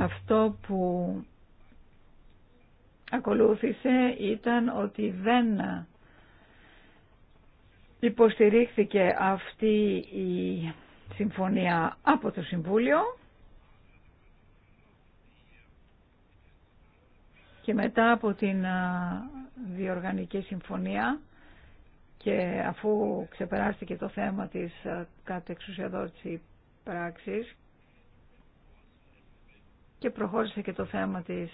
Αυτό που ακολούθησε ήταν ότι δεν υποστηρίχθηκε αυτή η συμφωνία από το Συμβούλιο και μετά από την διοργανική συμφωνία και αφού ξεπεράστηκε το θέμα της κατεξουσιαδότησης πράξης και προχώρησε και το θέμα της,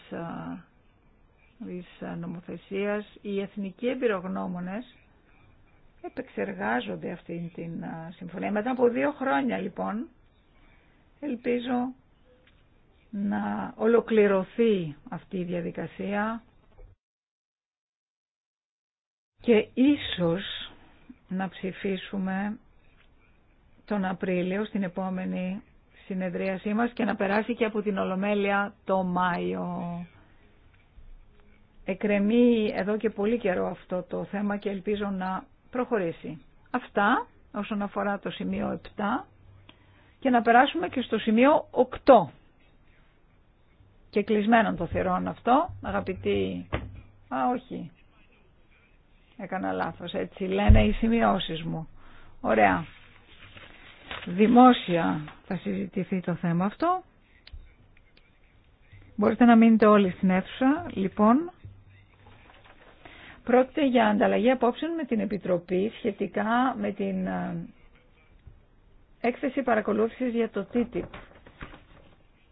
της νομοθεσίας. Οι εθνικοί εμπειρογνώμονες επεξεργάζονται αυτήν την συμφωνία. Μετά από δύο χρόνια λοιπόν ελπίζω να ολοκληρωθεί αυτή η διαδικασία και ίσως να ψηφίσουμε τον Απρίλιο στην επόμενη συνεδρίασή μας και να περάσει και από την Ολομέλεια το Μάιο. Εκρεμεί εδώ και πολύ καιρό αυτό το θέμα και ελπίζω να προχωρήσει. Αυτά όσον αφορά το σημείο 7 και να περάσουμε και στο σημείο 8. Και κλεισμένο το θερόν αυτό, αγαπητοί... Α, όχι. Έκανα λάθος. Έτσι λένε οι σημειώσεις μου. Ωραία δημόσια θα συζητηθεί το θέμα αυτό. Μπορείτε να μείνετε όλοι στην αίθουσα. Λοιπόν, πρόκειται για ανταλλαγή απόψεων με την Επιτροπή σχετικά με την ε, έκθεση παρακολούθησης για το TTIP.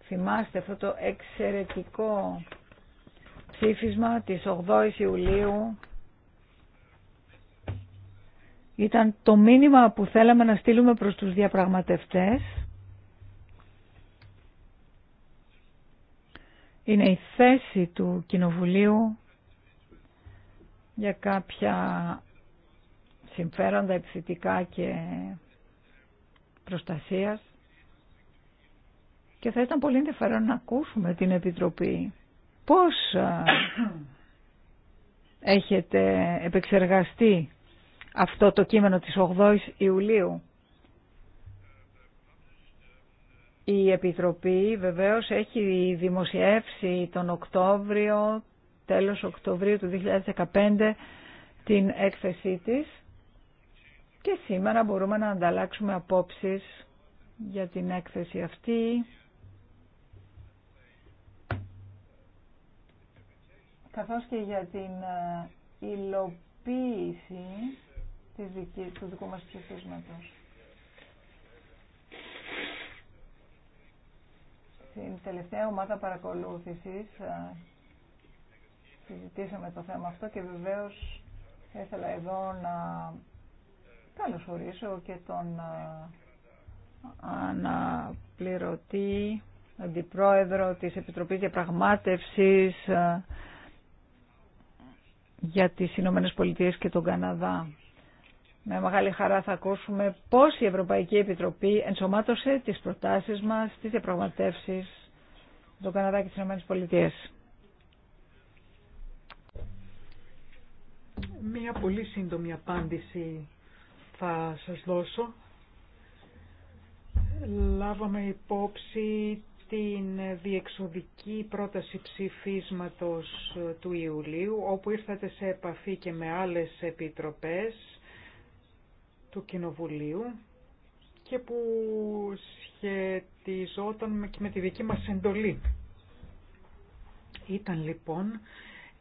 Θυμάστε αυτό το εξαιρετικό ψήφισμα της 8 Ιουλίου ήταν το μήνυμα που θέλαμε να στείλουμε προς τους διαπραγματευτές. Είναι η θέση του Κοινοβουλίου για κάποια συμφέροντα επιθετικά και προστασίας και θα ήταν πολύ ενδιαφέρον να ακούσουμε την Επιτροπή. Πώς έχετε επεξεργαστεί αυτό το κείμενο της 8 Ιουλίου. Η Επιτροπή βεβαίως έχει δημοσιεύσει τον Οκτώβριο, τέλος Οκτωβρίου του 2015, την έκθεσή της και σήμερα μπορούμε να ανταλλάξουμε απόψεις για την έκθεση αυτή. καθώς και για την ε, υλοποίηση δική, του δικού μας ψηφίσματος. Στην τελευταία ομάδα παρακολούθησης συζητήσαμε το θέμα αυτό και βεβαίως ήθελα εδώ να καλωσορίσω και τον αναπληρωτή αντιπρόεδρο της Επιτροπής Διαπραγμάτευσης για τις Ηνωμένε Πολιτείε και τον Καναδά. Με μεγάλη χαρά θα ακούσουμε πώς η Ευρωπαϊκή Επιτροπή ενσωμάτωσε τις προτάσεις μας στις διαπραγματεύσεις του Καναδά και της ΗΠΑ. Μία πολύ σύντομη απάντηση θα σας δώσω. Λάβαμε υπόψη την διεξοδική πρόταση ψηφίσματος του Ιουλίου, όπου ήρθατε σε επαφή και με άλλες επιτροπές του Κοινοβουλίου και που σχετιζόταν και με τη δική μας εντολή. Ήταν λοιπόν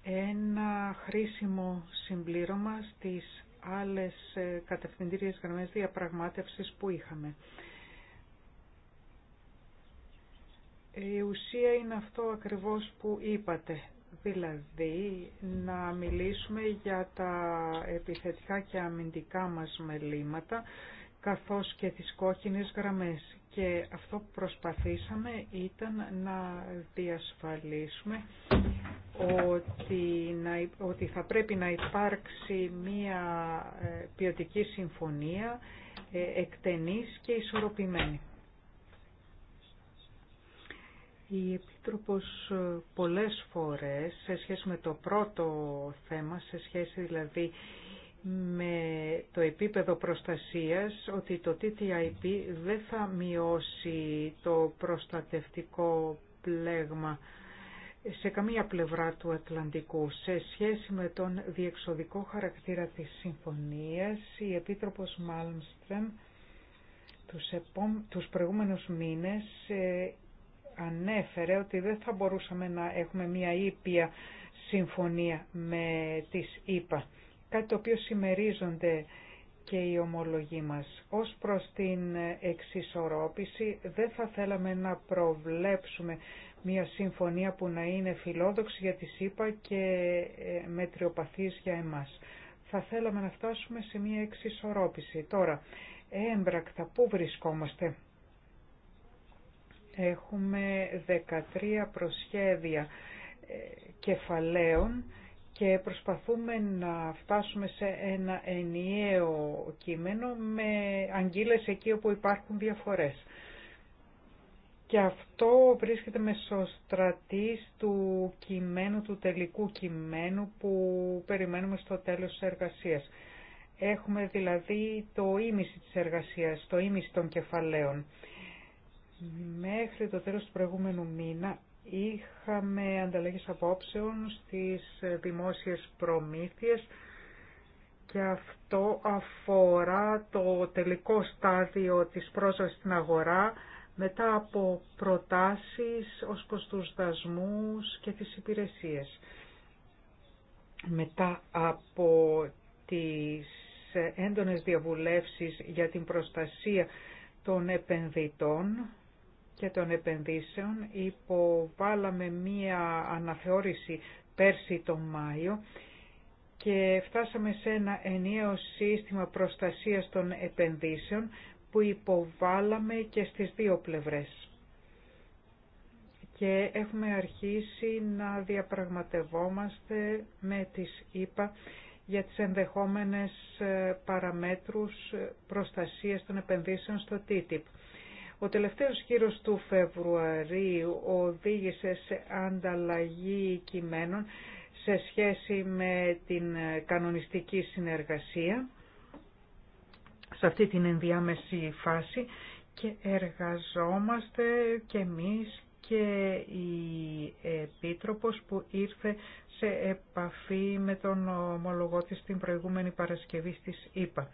ένα χρήσιμο συμπλήρωμα στις άλλες ε, κατευθυντήριες γραμμές διαπραγμάτευσης που είχαμε. Η ουσία είναι αυτό ακριβώς που είπατε, δηλαδή να μιλήσουμε για τα επιθετικά και αμυντικά μας μελήματα καθώς και τις κόκκινες γραμμές. Και αυτό που προσπαθήσαμε ήταν να διασφαλίσουμε ότι, ότι θα πρέπει να υπάρξει μία ε, ποιοτική συμφωνία ε, εκτενής και ισορροπημένη. Η Επίτροπος ε, πολλές φορές, σε σχέση με το πρώτο θέμα, σε σχέση δηλαδή με το επίπεδο προστασίας, ότι το TTIP δεν θα μειώσει το προστατευτικό πλέγμα σε καμία πλευρά του Ατλαντικού. Σε σχέση με τον διεξοδικό χαρακτήρα της συμφωνίας, η Επίτροπος Μάλμστρεμ τους, προηγούμενου τους προηγούμενους μήνες ε, ανέφερε ότι δεν θα μπορούσαμε να έχουμε μια ήπια συμφωνία με τις ΕΠΑ, κάτι το οποίο συμμερίζονται και οι ομολογοί μας. Ως προς την εξισορρόπηση δεν θα θέλαμε να προβλέψουμε μια συμφωνία που να είναι φιλόδοξη για τις ΗΠΑ και ε, μετριοπαθής για εμάς. Θα θέλαμε να φτάσουμε σε μια εξισορρόπηση. Τώρα, έμπρακτα, πού βρισκόμαστε Έχουμε 13 προσχέδια ε, κεφαλαίων και προσπαθούμε να φτάσουμε σε ένα ενιαίο κείμενο με αγγίλες εκεί όπου υπάρχουν διαφορές. Και αυτό βρίσκεται μεσοστρατής του κειμένου, του τελικού κειμένου που περιμένουμε στο τέλος της εργασίας. Έχουμε δηλαδή το ίμιση της εργασίας, το ίμιση των κεφαλαίων. Μέχρι το τέλος του προηγούμενου μήνα είχαμε ανταλλαγές απόψεων στις δημόσιες προμήθειες και αυτό αφορά το τελικό στάδιο της πρόσβασης στην αγορά μετά από προτάσεις ως προς τους δασμούς και τις υπηρεσίες. Μετά από τις έντονες διαβουλεύσεις για την προστασία των επενδυτών και των επενδύσεων υποβάλαμε μία αναθεώρηση πέρσι τον Μάιο και φτάσαμε σε ένα ενιαίο σύστημα προστασίας των επενδύσεων που υποβάλαμε και στις δύο πλευρές. Και έχουμε αρχίσει να διαπραγματευόμαστε με τις ΕΠΑ για τις ενδεχόμενες ε, παραμέτρους ε, προστασίας των επενδύσεων στο TTIP. Ο τελευταίος γύρος του Φεβρουαρίου οδήγησε σε ανταλλαγή κειμένων σε σχέση με την κανονιστική συνεργασία σε αυτή την ενδιάμεση φάση και εργαζόμαστε και εμείς και η Επίτροπος που ήρθε σε επαφή με τον ομολογό της την προηγούμενη Παρασκευή στις ΕΠΑ.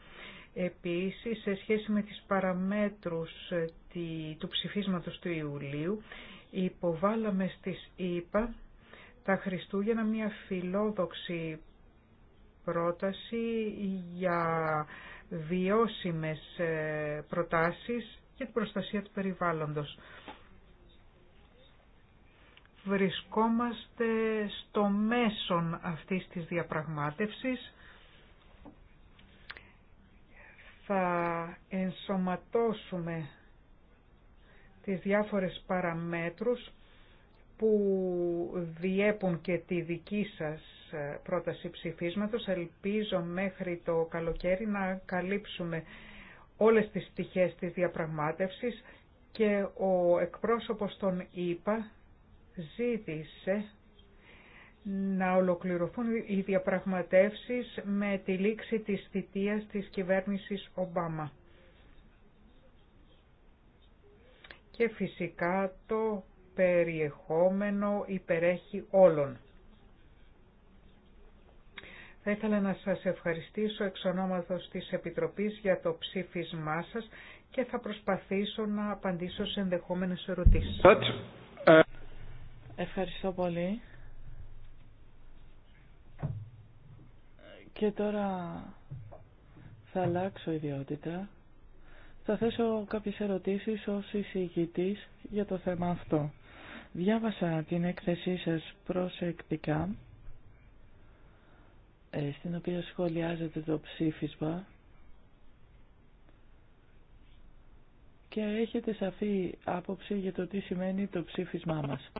Επίσης, σε σχέση με τις παραμέτρους ε, του ψηφίσματος του Ιουλίου, υποβάλαμε στις ΕΙΠΑ τα Χριστούγεννα μια φιλόδοξη πρόταση για βιώσιμες ε, προτάσεις και την προστασία του περιβάλλοντος. Βρισκόμαστε στο μέσον αυτής της διαπραγμάτευσης θα ενσωματώσουμε τις διάφορες παραμέτρους που διέπουν και τη δική σας ε, πρόταση ψηφίσματος. Ελπίζω μέχρι το καλοκαίρι να καλύψουμε όλες τις πτυχές της διαπραγμάτευσης και ο εκπρόσωπος των ΙΠΑ ζήτησε να ολοκληρωθούν οι διαπραγματεύσεις με τη λήξη της θητείας της κυβέρνησης Ομπάμα. Και φυσικά το περιεχόμενο υπερέχει όλων. Θα ήθελα να σας ευχαριστήσω εξ ονόματος της Επιτροπής για το ψήφισμά σας και θα προσπαθήσω να απαντήσω σε ενδεχόμενες ερωτήσεις. Ευχαριστώ πολύ. Και τώρα θα αλλάξω ιδιότητα. Θα θέσω κάποιες ερωτήσεις ως εισηγητής για το θέμα αυτό. Διάβασα την έκθεσή σας προσεκτικά, ε, στην οποία σχολιάζεται το ψήφισμα και έχετε σαφή άποψη για το τι σημαίνει το ψήφισμά μας.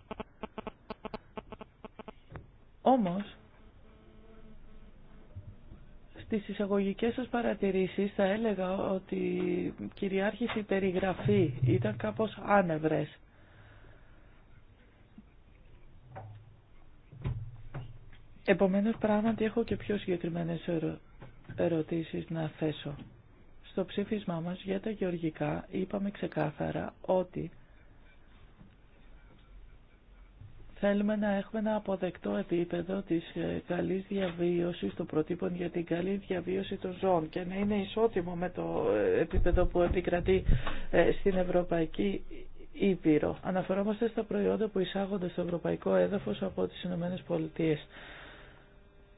Όμως, στις εισαγωγικές σας παρατηρήσεις θα έλεγα ότι κυριάρχησε η περιγραφή, ήταν κάπως άνευρες. Επομένως πράγματι έχω και πιο συγκεκριμένες ερω... ερωτήσεις να θέσω. Στο ψήφισμά μας για τα γεωργικά είπαμε ξεκάθαρα ότι Θέλουμε να έχουμε ένα αποδεκτό επίπεδο της ε, καλής διαβίωσης των προτύπων για την καλή διαβίωση των ζώων και να είναι ισότιμο με το ε, επίπεδο που επικρατεί ε, στην Ευρωπαϊκή Ήπειρο. Αναφερόμαστε στα προϊόντα που εισάγονται στο ευρωπαϊκό έδαφος από τις Ηνωμένες Πολιτείες.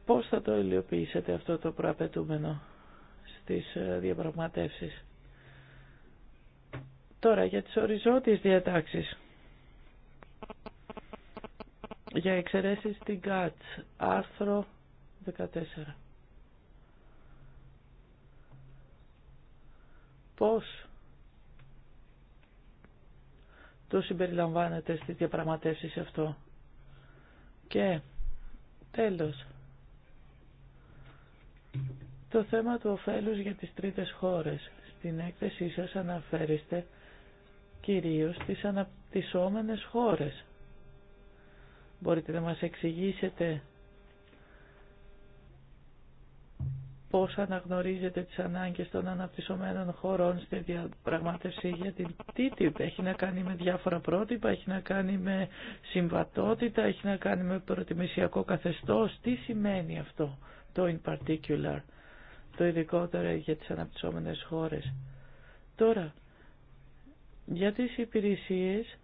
Πώς θα το υλοποιήσετε αυτό το προαπαιτούμενο στις διαπραγματεύσεις. Τώρα για τις οριζόντιες διατάξεις για εξαιρέσεις την ΚΑΤΣ, άρθρο 14. Πώς το συμπεριλαμβάνεται στις διαπραγματεύσεις αυτό. Και τέλος, το θέμα του ωφέλους για τις τρίτες χώρες. Στην έκθεσή σας αναφέρεστε κυρίως τις αναπτυσσόμενες χώρες Μπορείτε να μας εξηγήσετε πώς αναγνωρίζετε τις ανάγκες των αναπτυσσομένων χωρών στη διαπραγμάτευση για την TTIP. Έχει να κάνει με διάφορα πρότυπα, έχει να κάνει με συμβατότητα, έχει να κάνει με προτιμησιακό καθεστώς. Τι σημαίνει αυτό το in particular, το ειδικότερο για τις αναπτυσσόμενες χώρες. Τώρα, για τις υπηρεσίες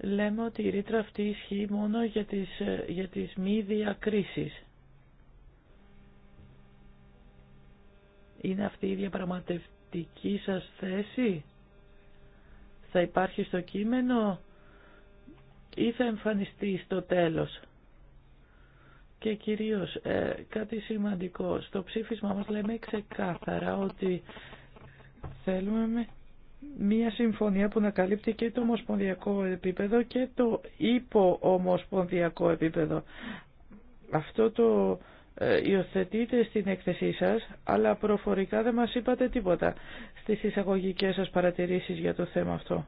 λέμε ότι η ρήτρα αυτή ισχύει μόνο για τις, για τις μη διακρίσεις. Είναι αυτή η διαπραγματευτική σας θέση. Θα υπάρχει στο κείμενο ή θα εμφανιστεί στο τέλος. Και κυρίως ε, κάτι σημαντικό. Στο ψήφισμα μας λέμε ξεκάθαρα ότι θέλουμε μία συμφωνία που να καλύπτει και το ομοσπονδιακό επίπεδο και το υπο-ομοσπονδιακό επίπεδο. Αυτό το ε, υιοθετείτε στην έκθεσή σας, αλλά προφορικά δεν μας είπατε τίποτα στις εισαγωγικές σας παρατηρήσεις για το θέμα αυτό.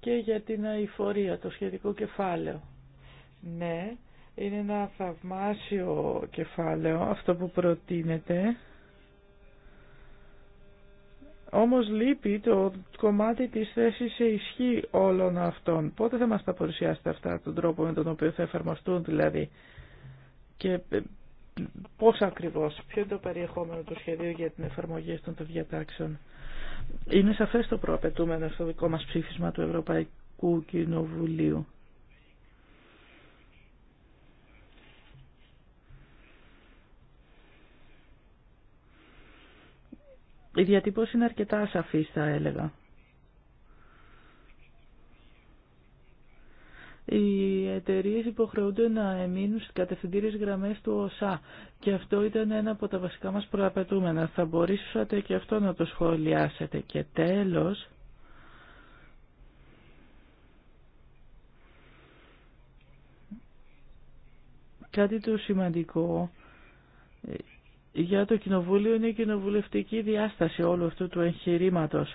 Και για την αηφορία, το σχετικό κεφάλαιο. Ναι, είναι ένα θαυμάσιο κεφάλαιο αυτό που προτείνεται. Όμως λείπει το κομμάτι της θέσης σε ισχύ όλων αυτών. Πότε θα μας τα παρουσιάσετε αυτά, τον τρόπο με τον οποίο θα εφαρμοστούν δηλαδή και ε, πώς ακριβώς, ποιο είναι το περιεχόμενο του σχεδίου για την εφαρμογή αυτών των διατάξεων. Είναι σαφές το προαπαιτούμενο στο δικό μας ψήφισμα του Ευρωπαϊκού Κοινοβουλίου. Η διατύπωση είναι αρκετά ασαφής θα έλεγα. οι εταιρείε υποχρεούνται να εμείνουν στι κατευθυντήριε γραμμέ του ΟΣΑ. Και αυτό ήταν ένα από τα βασικά μα προαπαιτούμενα. Θα μπορούσατε και αυτό να το σχολιάσετε. Και τέλο. Κάτι το σημαντικό για το Κοινοβούλιο είναι η κοινοβουλευτική διάσταση όλου αυτού του εγχειρήματο.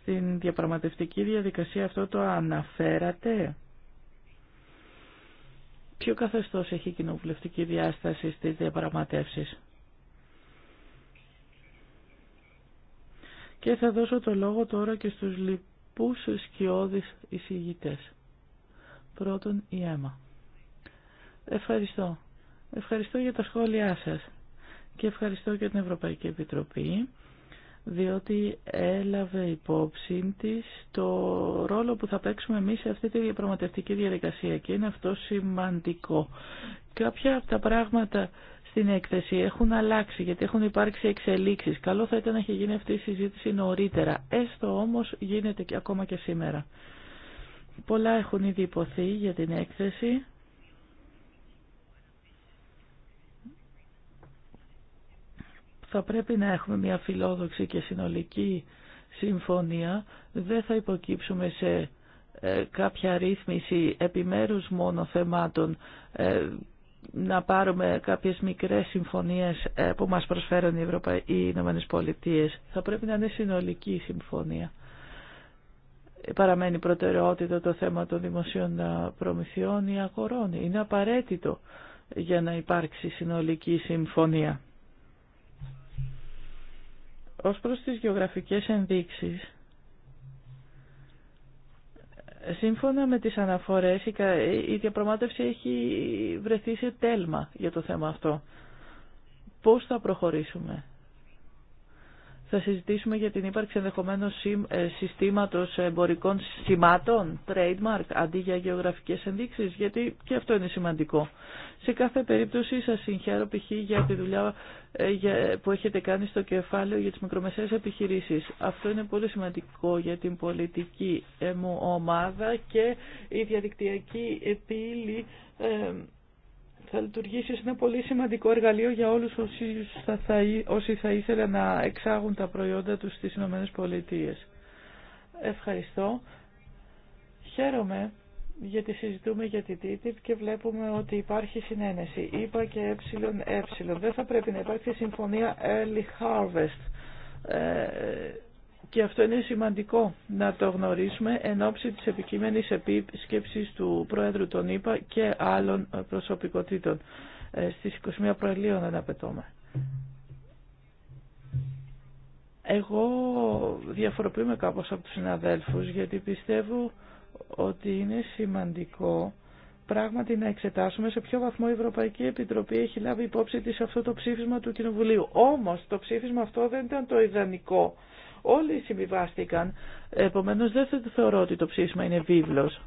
Στην διαπραγματευτική διαδικασία αυτό το αναφέρατε. Ποιο καθεστώς έχει η κοινοβουλευτική διάσταση στις διαπραγματεύσεις. Και θα δώσω το λόγο τώρα και στους λοιπούς σκιώδεις εισηγητές. Πρώτον η αίμα. Ευχαριστώ. Ευχαριστώ για τα σχόλιά σας και ευχαριστώ και την Ευρωπαϊκή Επιτροπή διότι έλαβε υπόψη της το ρόλο που θα παίξουμε εμείς σε αυτή τη διαπραγματευτική διαδικασία και είναι αυτό σημαντικό. Κάποια από τα πράγματα στην έκθεση έχουν αλλάξει γιατί έχουν υπάρξει εξελίξεις. Καλό θα ήταν να έχει γίνει αυτή η συζήτηση νωρίτερα. Έστω όμως γίνεται και ακόμα και σήμερα. Πολλά έχουν ήδη υποθεί για την έκθεση. θα πρέπει να έχουμε μια φιλόδοξη και συνολική συμφωνία. Δεν θα υποκύψουμε σε ε, κάποια ρύθμιση επιμέρους μόνο θεμάτων ε, να πάρουμε κάποιες μικρές συμφωνίες ε, που μας προσφέρουν οι, Ευρωπα... οι Ηνωμένες Πολιτείες. Θα πρέπει να είναι συνολική συμφωνία. Παραμένει προτεραιότητα το θέμα των δημοσίων προμηθειών ή αγορών. Είναι απαραίτητο για να υπάρξει συνολική συμφωνία. Ως προς τις γεωγραφικές ενδείξεις, σύμφωνα με τις αναφορές, η διαπραγμάτευση έχει βρεθεί σε τέλμα για το θέμα αυτό. Πώς θα προχωρήσουμε θα συζητήσουμε για την ύπαρξη ενδεχομένω ε, συστήματο εμπορικών σημάτων, trademark, αντί για γεωγραφικές ενδείξει, γιατί και αυτό είναι σημαντικό. Σε κάθε περίπτωση σα συγχαίρω π.χ. για τη δουλειά ε, που έχετε κάνει στο κεφάλαιο για τις μικρομεσαίες επιχειρήσεις. Αυτό είναι πολύ σημαντικό για την πολιτική μου ομάδα και η διαδικτυακή επίλη ε, θα λειτουργήσει ως ένα πολύ σημαντικό εργαλείο για όλους όσοι θα, όσοι θα ήθελαν να εξάγουν τα προϊόντα τους στις Ηνωμένες Πολιτείες. Ευχαριστώ. Χαίρομαι γιατί συζητούμε για την TTIP και βλέπουμε ότι υπάρχει συνένεση. Είπα και ε, ε. Δεν θα πρέπει να υπάρξει συμφωνία early harvest. Ε, και αυτό είναι σημαντικό να το γνωρίσουμε εν ώψη της επικείμενης επίσκεψης του Πρόεδρου των ΗΠΑ και άλλων προσωπικότητων. Ε, στις 21 Προελίων αναπετώμε. Εγώ διαφοροποιούμε κάπως από τους συναδέλφους γιατί πιστεύω ότι είναι σημαντικό πράγματι να εξετάσουμε σε ποιο βαθμό η Ευρωπαϊκή Επιτροπή έχει λάβει υπόψη της αυτό το ψήφισμα του Κοινοβουλίου. Όμως το ψήφισμα αυτό δεν ήταν το ιδανικό Όλοι συμβιβάστηκαν, επομένως δεν θεωρώ ότι το ψήσμα είναι βίβλος.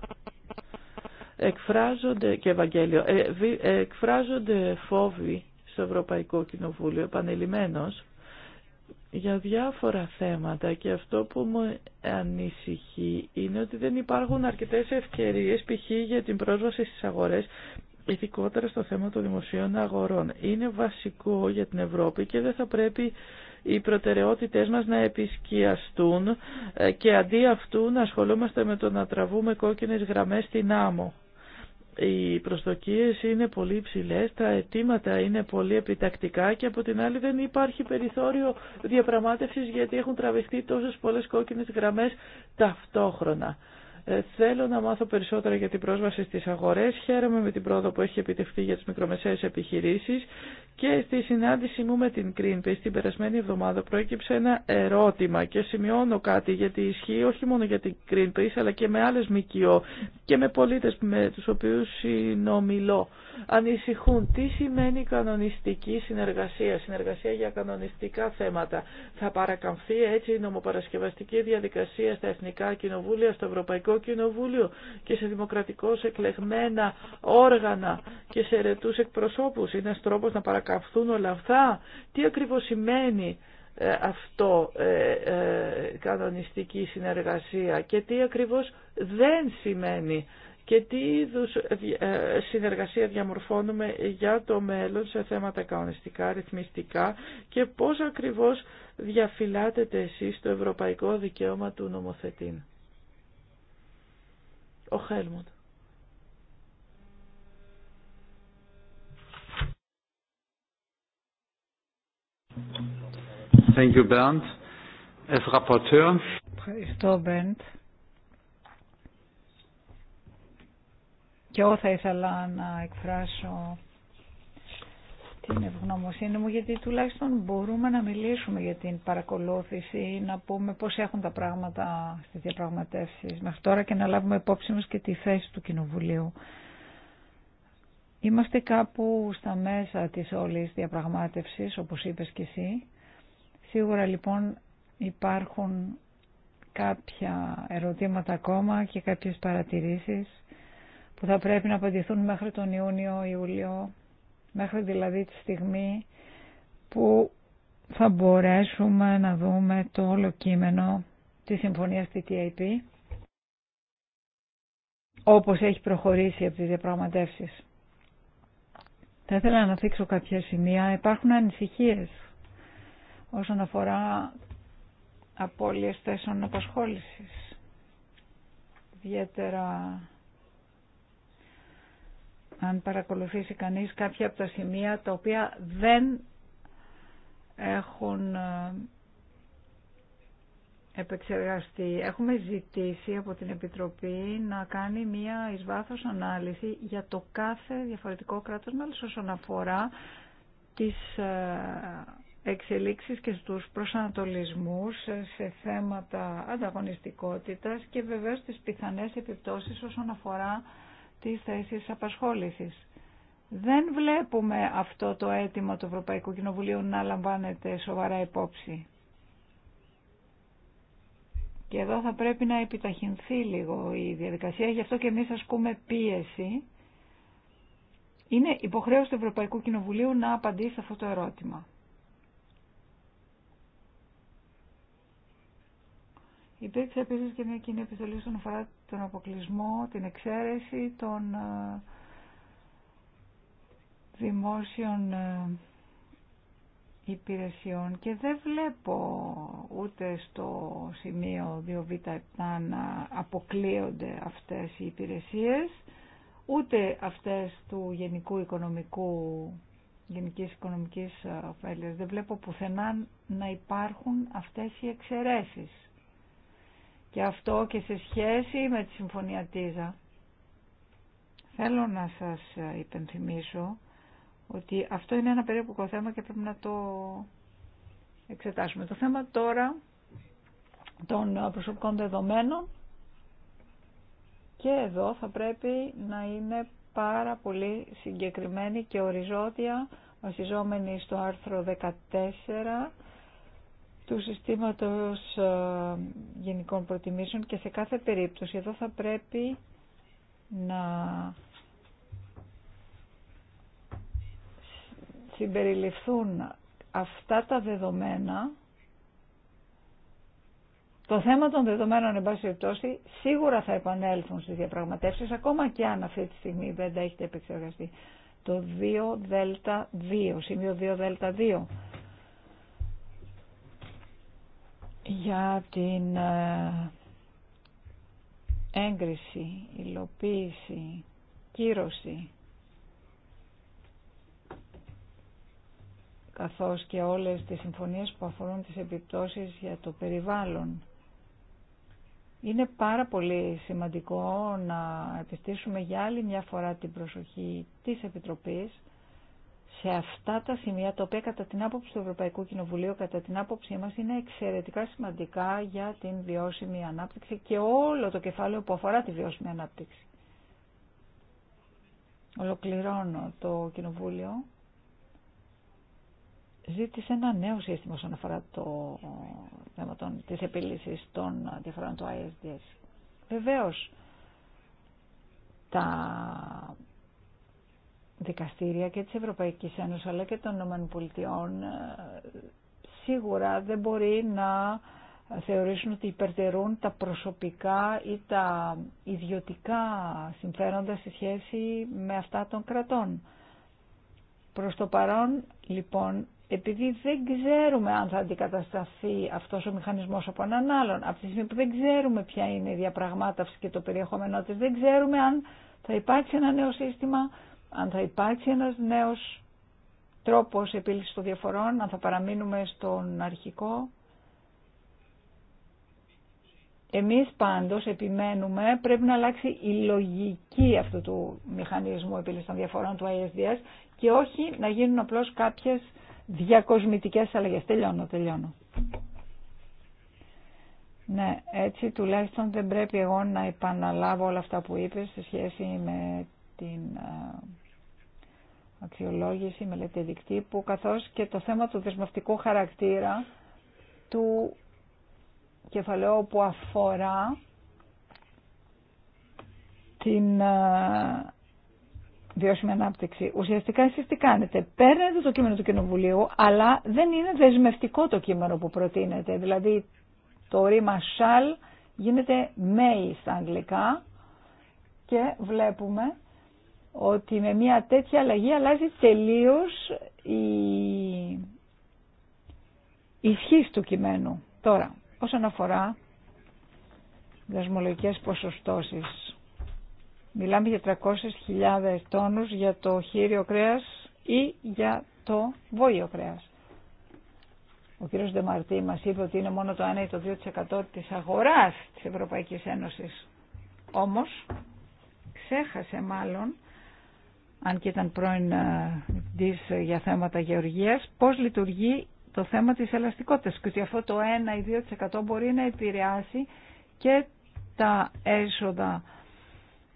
Εκφράζονται, και Ευαγγέλιο, ε, ε, εκφράζονται φόβοι στο Ευρωπαϊκό Κοινοβούλιο επανειλημμένος για διάφορα θέματα και αυτό που μου ανησυχεί είναι ότι δεν υπάρχουν αρκετές ευκαιρίες π.χ. για την πρόσβαση στις αγορές ειδικότερα στο θέμα των δημοσίων αγορών. Είναι βασικό για την Ευρώπη και δεν θα πρέπει οι προτεραιότητες μας να επισκιαστούν ε, και αντί αυτού να ασχολούμαστε με το να τραβούμε κόκκινες γραμμές στην άμμο. Οι προσδοκίες είναι πολύ υψηλέ, τα αιτήματα είναι πολύ επιτακτικά και από την άλλη δεν υπάρχει περιθώριο διαπραγμάτευσης γιατί έχουν τραβηχτεί τόσες πολλές κόκκινες γραμμές ταυτόχρονα. Ε, θέλω να μάθω περισσότερα για την πρόσβαση στις αγορές. Χαίρομαι με την πρόοδο που έχει επιτευχθεί για τις μικρομεσαίες επιχειρήσεις και στη συνάντηση μου με την Greenpeace την περασμένη εβδομάδα προέκυψε ένα ερώτημα και σημειώνω κάτι γιατί ισχύει όχι μόνο για την Greenpeace αλλά και με άλλες ΜΚΟ και με πολίτες με τους οποίους συνομιλώ. Ανησυχούν τι σημαίνει κανονιστική συνεργασία, συνεργασία για κανονιστικά θέματα. Θα παρακαμφθεί έτσι η νομοπαρασκευαστική διαδικασία στα Εθνικά Κοινοβούλια, στο Ευρωπαϊκό Κοινοβούλιο και σε δημοκρατικώς εκλεγμένα όργανα και σε ρετούς εκπροσώπους. Είναι ένας τρόπος να παρακαυθούν όλα αυτά. Τι ακριβώς σημαίνει ε, αυτό ε, ε, κανονιστική συνεργασία και τι ακριβώς δεν σημαίνει και τι είδους ε, ε, συνεργασία διαμορφώνουμε για το μέλλον σε θέματα κανονιστικά, ρυθμιστικά και πώς ακριβώς διαφυλάτετε εσείς το ευρωπαϊκό δικαίωμα του νομοθετή. Ο Χέλμοντ. Thank you, Bernd. As rapporteur. Ευχαριστώ, Μπέντ. Και εγώ θα ήθελα να εκφράσω την ευγνωμοσύνη μου γιατί τουλάχιστον μπορούμε να μιλήσουμε για την παρακολούθηση, να πούμε πώς έχουν τα πράγματα στις διαπραγματεύσεις μέχρι τώρα και να λάβουμε υπόψη μας και τη θέση του Κοινοβουλίου. Είμαστε κάπου στα μέσα της όλης διαπραγμάτευσης, όπως είπες και εσύ. Σίγουρα λοιπόν υπάρχουν κάποια ερωτήματα ακόμα και κάποιες παρατηρήσεις που θα πρέπει να απαντηθούν μέχρι τον Ιούνιο-Ιούλιο μέχρι δηλαδή τη στιγμή που θα μπορέσουμε να δούμε το όλο κείμενο της συμφωνίας TTIP όπως έχει προχωρήσει από τις διαπραγματεύσεις. Θα ήθελα να θίξω κάποια σημεία. Υπάρχουν ανησυχίες όσον αφορά απώλειες θέσεων απασχόλησης. Ιδιαίτερα αν παρακολουθήσει κανείς κάποια από τα σημεία τα οποία δεν έχουν ε, επεξεργαστεί. Έχουμε ζητήσει από την Επιτροπή να κάνει μία εις ανάλυση για το κάθε διαφορετικό κράτος μέλος όσον αφορά τις ε, εξελίξεις και στους προσανατολισμούς ε, σε θέματα ανταγωνιστικότητας και βεβαίως τις πιθανές επιπτώσεις όσον αφορά τις θέσεις απασχόλησης. Δεν βλέπουμε αυτό το αίτημα του Ευρωπαϊκού Κοινοβουλίου να λαμβάνεται σοβαρά υπόψη. Και εδώ θα πρέπει να επιταχυνθεί λίγο η διαδικασία, γι' αυτό και εμείς ασκούμε πίεση. Είναι υποχρέωση του Ευρωπαϊκού Κοινοβουλίου να απαντήσει αυτό το ερώτημα. Υπήρξε επίσης και μια κοινή επιστολή στον αφορά τον αποκλεισμό, την εξαίρεση των ε, δημόσιων ε, υπηρεσιών και δεν βλέπω ούτε στο σημείο 2β7 να αποκλείονται αυτές οι υπηρεσίες ούτε αυτές του γενικού οικονομικού γενικής οικονομικής ε, ωφέλειας. Δεν βλέπω πουθενά να υπάρχουν αυτές οι εξαιρέσεις και αυτό και σε σχέση με τη Συμφωνία Τίζα. Θέλω να σας υπενθυμίσω ότι αυτό είναι ένα περίπου θέμα και πρέπει να το εξετάσουμε. Το θέμα τώρα των προσωπικών δεδομένων και εδώ θα πρέπει να είναι πάρα πολύ συγκεκριμένη και οριζόντια βασιζόμενη στο άρθρο 14 του συστήματος ε, γενικών προτιμήσεων και σε κάθε περίπτωση εδώ θα πρέπει να συμπεριληφθούν αυτά τα δεδομένα το θέμα των δεδομένων, εν σίγουρα θα επανέλθουν στις διαπραγματεύσεις, ακόμα και αν αυτή τη στιγμή δεν τα έχετε επεξεργαστεί. Το 2 Δ 2, σημείο 2 Δ 2, για την ε, έγκριση, υλοποίηση, κύρωση καθώς και όλες τις συμφωνίες που αφορούν τις επιπτώσεις για το περιβάλλον. Είναι πάρα πολύ σημαντικό να επιστήσουμε για άλλη μια φορά την προσοχή της Επιτροπής σε αυτά τα σημεία τα οποία κατά την άποψη του Ευρωπαϊκού Κοινοβουλίου, κατά την άποψή μας είναι εξαιρετικά σημαντικά για την βιώσιμη ανάπτυξη και όλο το κεφάλαιο που αφορά τη βιώσιμη ανάπτυξη. Ολοκληρώνω το Κοινοβούλιο. Ζήτησε ένα νέο σύστημα όσον αφορά το θέμα των, της επίλυσης των διαφορών του ISDS. Βεβαίως, τα δικαστήρια και της Ευρωπαϊκής Ένωσης αλλά και των ΗΠΑ ε, σίγουρα δεν μπορεί να θεωρήσουν ότι υπερτερούν τα προσωπικά ή τα ιδιωτικά συμφέροντα σε σχέση με αυτά των κρατών. Προς το παρόν, λοιπόν, επειδή δεν ξέρουμε αν θα αντικατασταθεί αυτός ο μηχανισμός από έναν άλλον, από τη στιγμή που δεν ξέρουμε ποια είναι η διαπραγμάτευση και το περιεχόμενό της, δεν ξέρουμε αν θα υπάρξει ένα νέο σύστημα αν θα υπάρξει ένας νέος τρόπος επίλυσης των διαφορών, αν θα παραμείνουμε στον αρχικό. Εμείς πάντως επιμένουμε πρέπει να αλλάξει η λογική αυτού του μηχανισμού επίλυσης των διαφορών του ISDS και όχι να γίνουν απλώς κάποιες διακοσμητικές αλλαγές. Τελειώνω, τελειώνω. Ναι, έτσι τουλάχιστον δεν πρέπει εγώ να επαναλάβω όλα αυτά που είπες σε σχέση με την ε, αξιολόγηση, μελέτη δικτύπου, καθώς και το θέμα του δεσμευτικού χαρακτήρα του κεφαλαίου που αφορά την ε, βιώσιμη ανάπτυξη. Ουσιαστικά εσείς τι κάνετε. Παίρνετε το κείμενο του Κοινοβουλίου, αλλά δεν είναι δεσμευτικό το κείμενο που προτείνετε. Δηλαδή το ρήμα shall γίνεται may στα αγγλικά και βλέπουμε ότι με μια τέτοια αλλαγή αλλάζει τελείως η ισχύ του κειμένου. Τώρα, όσον αφορά δασμολογικές ποσοστώσεις, μιλάμε για 300.000 τόνους για το χείριο κρέας ή για το βόλιο κρέας. Ο κύριος Δεμαρτή μας είπε ότι είναι μόνο το 1 ή το 2% της αγοράς της Ευρωπαϊκής Ένωσης. Όμως, ξέχασε μάλλον αν και ήταν πρώην ε, για θέματα γεωργίας, πώς λειτουργεί το θέμα της ελαστικότητας και ότι αυτό το 1 ή 2% μπορεί να επηρεάσει και τα έσοδα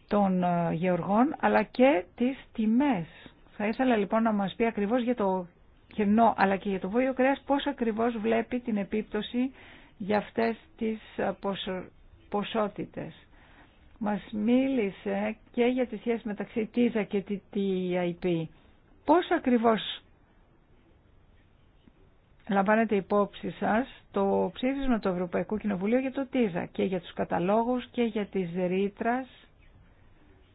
των ε, γεωργών αλλά και τις τιμές. Θα ήθελα λοιπόν να μας πει ακριβώς για το χερνό αλλά και για το βόλιο κρέας πώς ακριβώς βλέπει την επίπτωση για αυτές τις ε, ποσότητες μας μίλησε και για τη σχέση μεταξύ TISA και TTIP. Πώς ακριβώς λαμβάνετε υπόψη σας το ψήφισμα του Ευρωπαϊκού Κοινοβουλίου για το ΤΙΖΑ, και για τους καταλόγους και για τις ρήτρα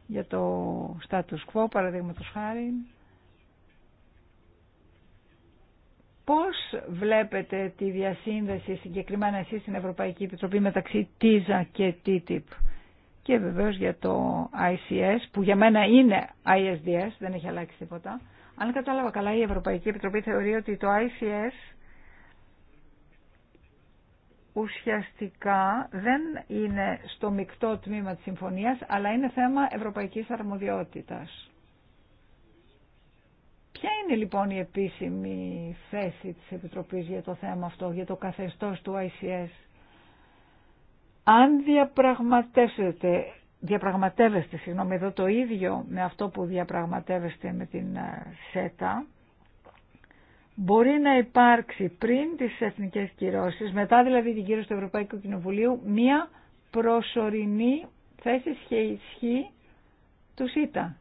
για το status quo παραδείγματο χάρη. Πώς βλέπετε τη διασύνδεση συγκεκριμένα εσείς στην Ευρωπαϊκή Επιτροπή μεταξύ TISA και TTIP και βεβαίως για το ICS που για μένα είναι ISDS, δεν έχει αλλάξει τίποτα. Αν κατάλαβα καλά η Ευρωπαϊκή Επιτροπή θεωρεί ότι το ICS ουσιαστικά δεν είναι στο μεικτό τμήμα της συμφωνίας, αλλά είναι θέμα ευρωπαϊκής αρμοδιότητας. Ποια είναι λοιπόν η επίσημη θέση της Επιτροπής για το θέμα αυτό, για το καθεστώς του ICS. Αν διαπραγματεύεστε, διαπραγματεύεστε, συγγνώμη, εδώ το ίδιο με αυτό που διαπραγματεύεστε με την ε, ΣΕΤΑ, μπορεί να υπάρξει πριν τις εθνικές κυρώσεις, μετά δηλαδή την κύρωση του Ευρωπαϊκού Κοινοβουλίου, μία προσωρινή θέση ισχύ του ΣΥΤΑ.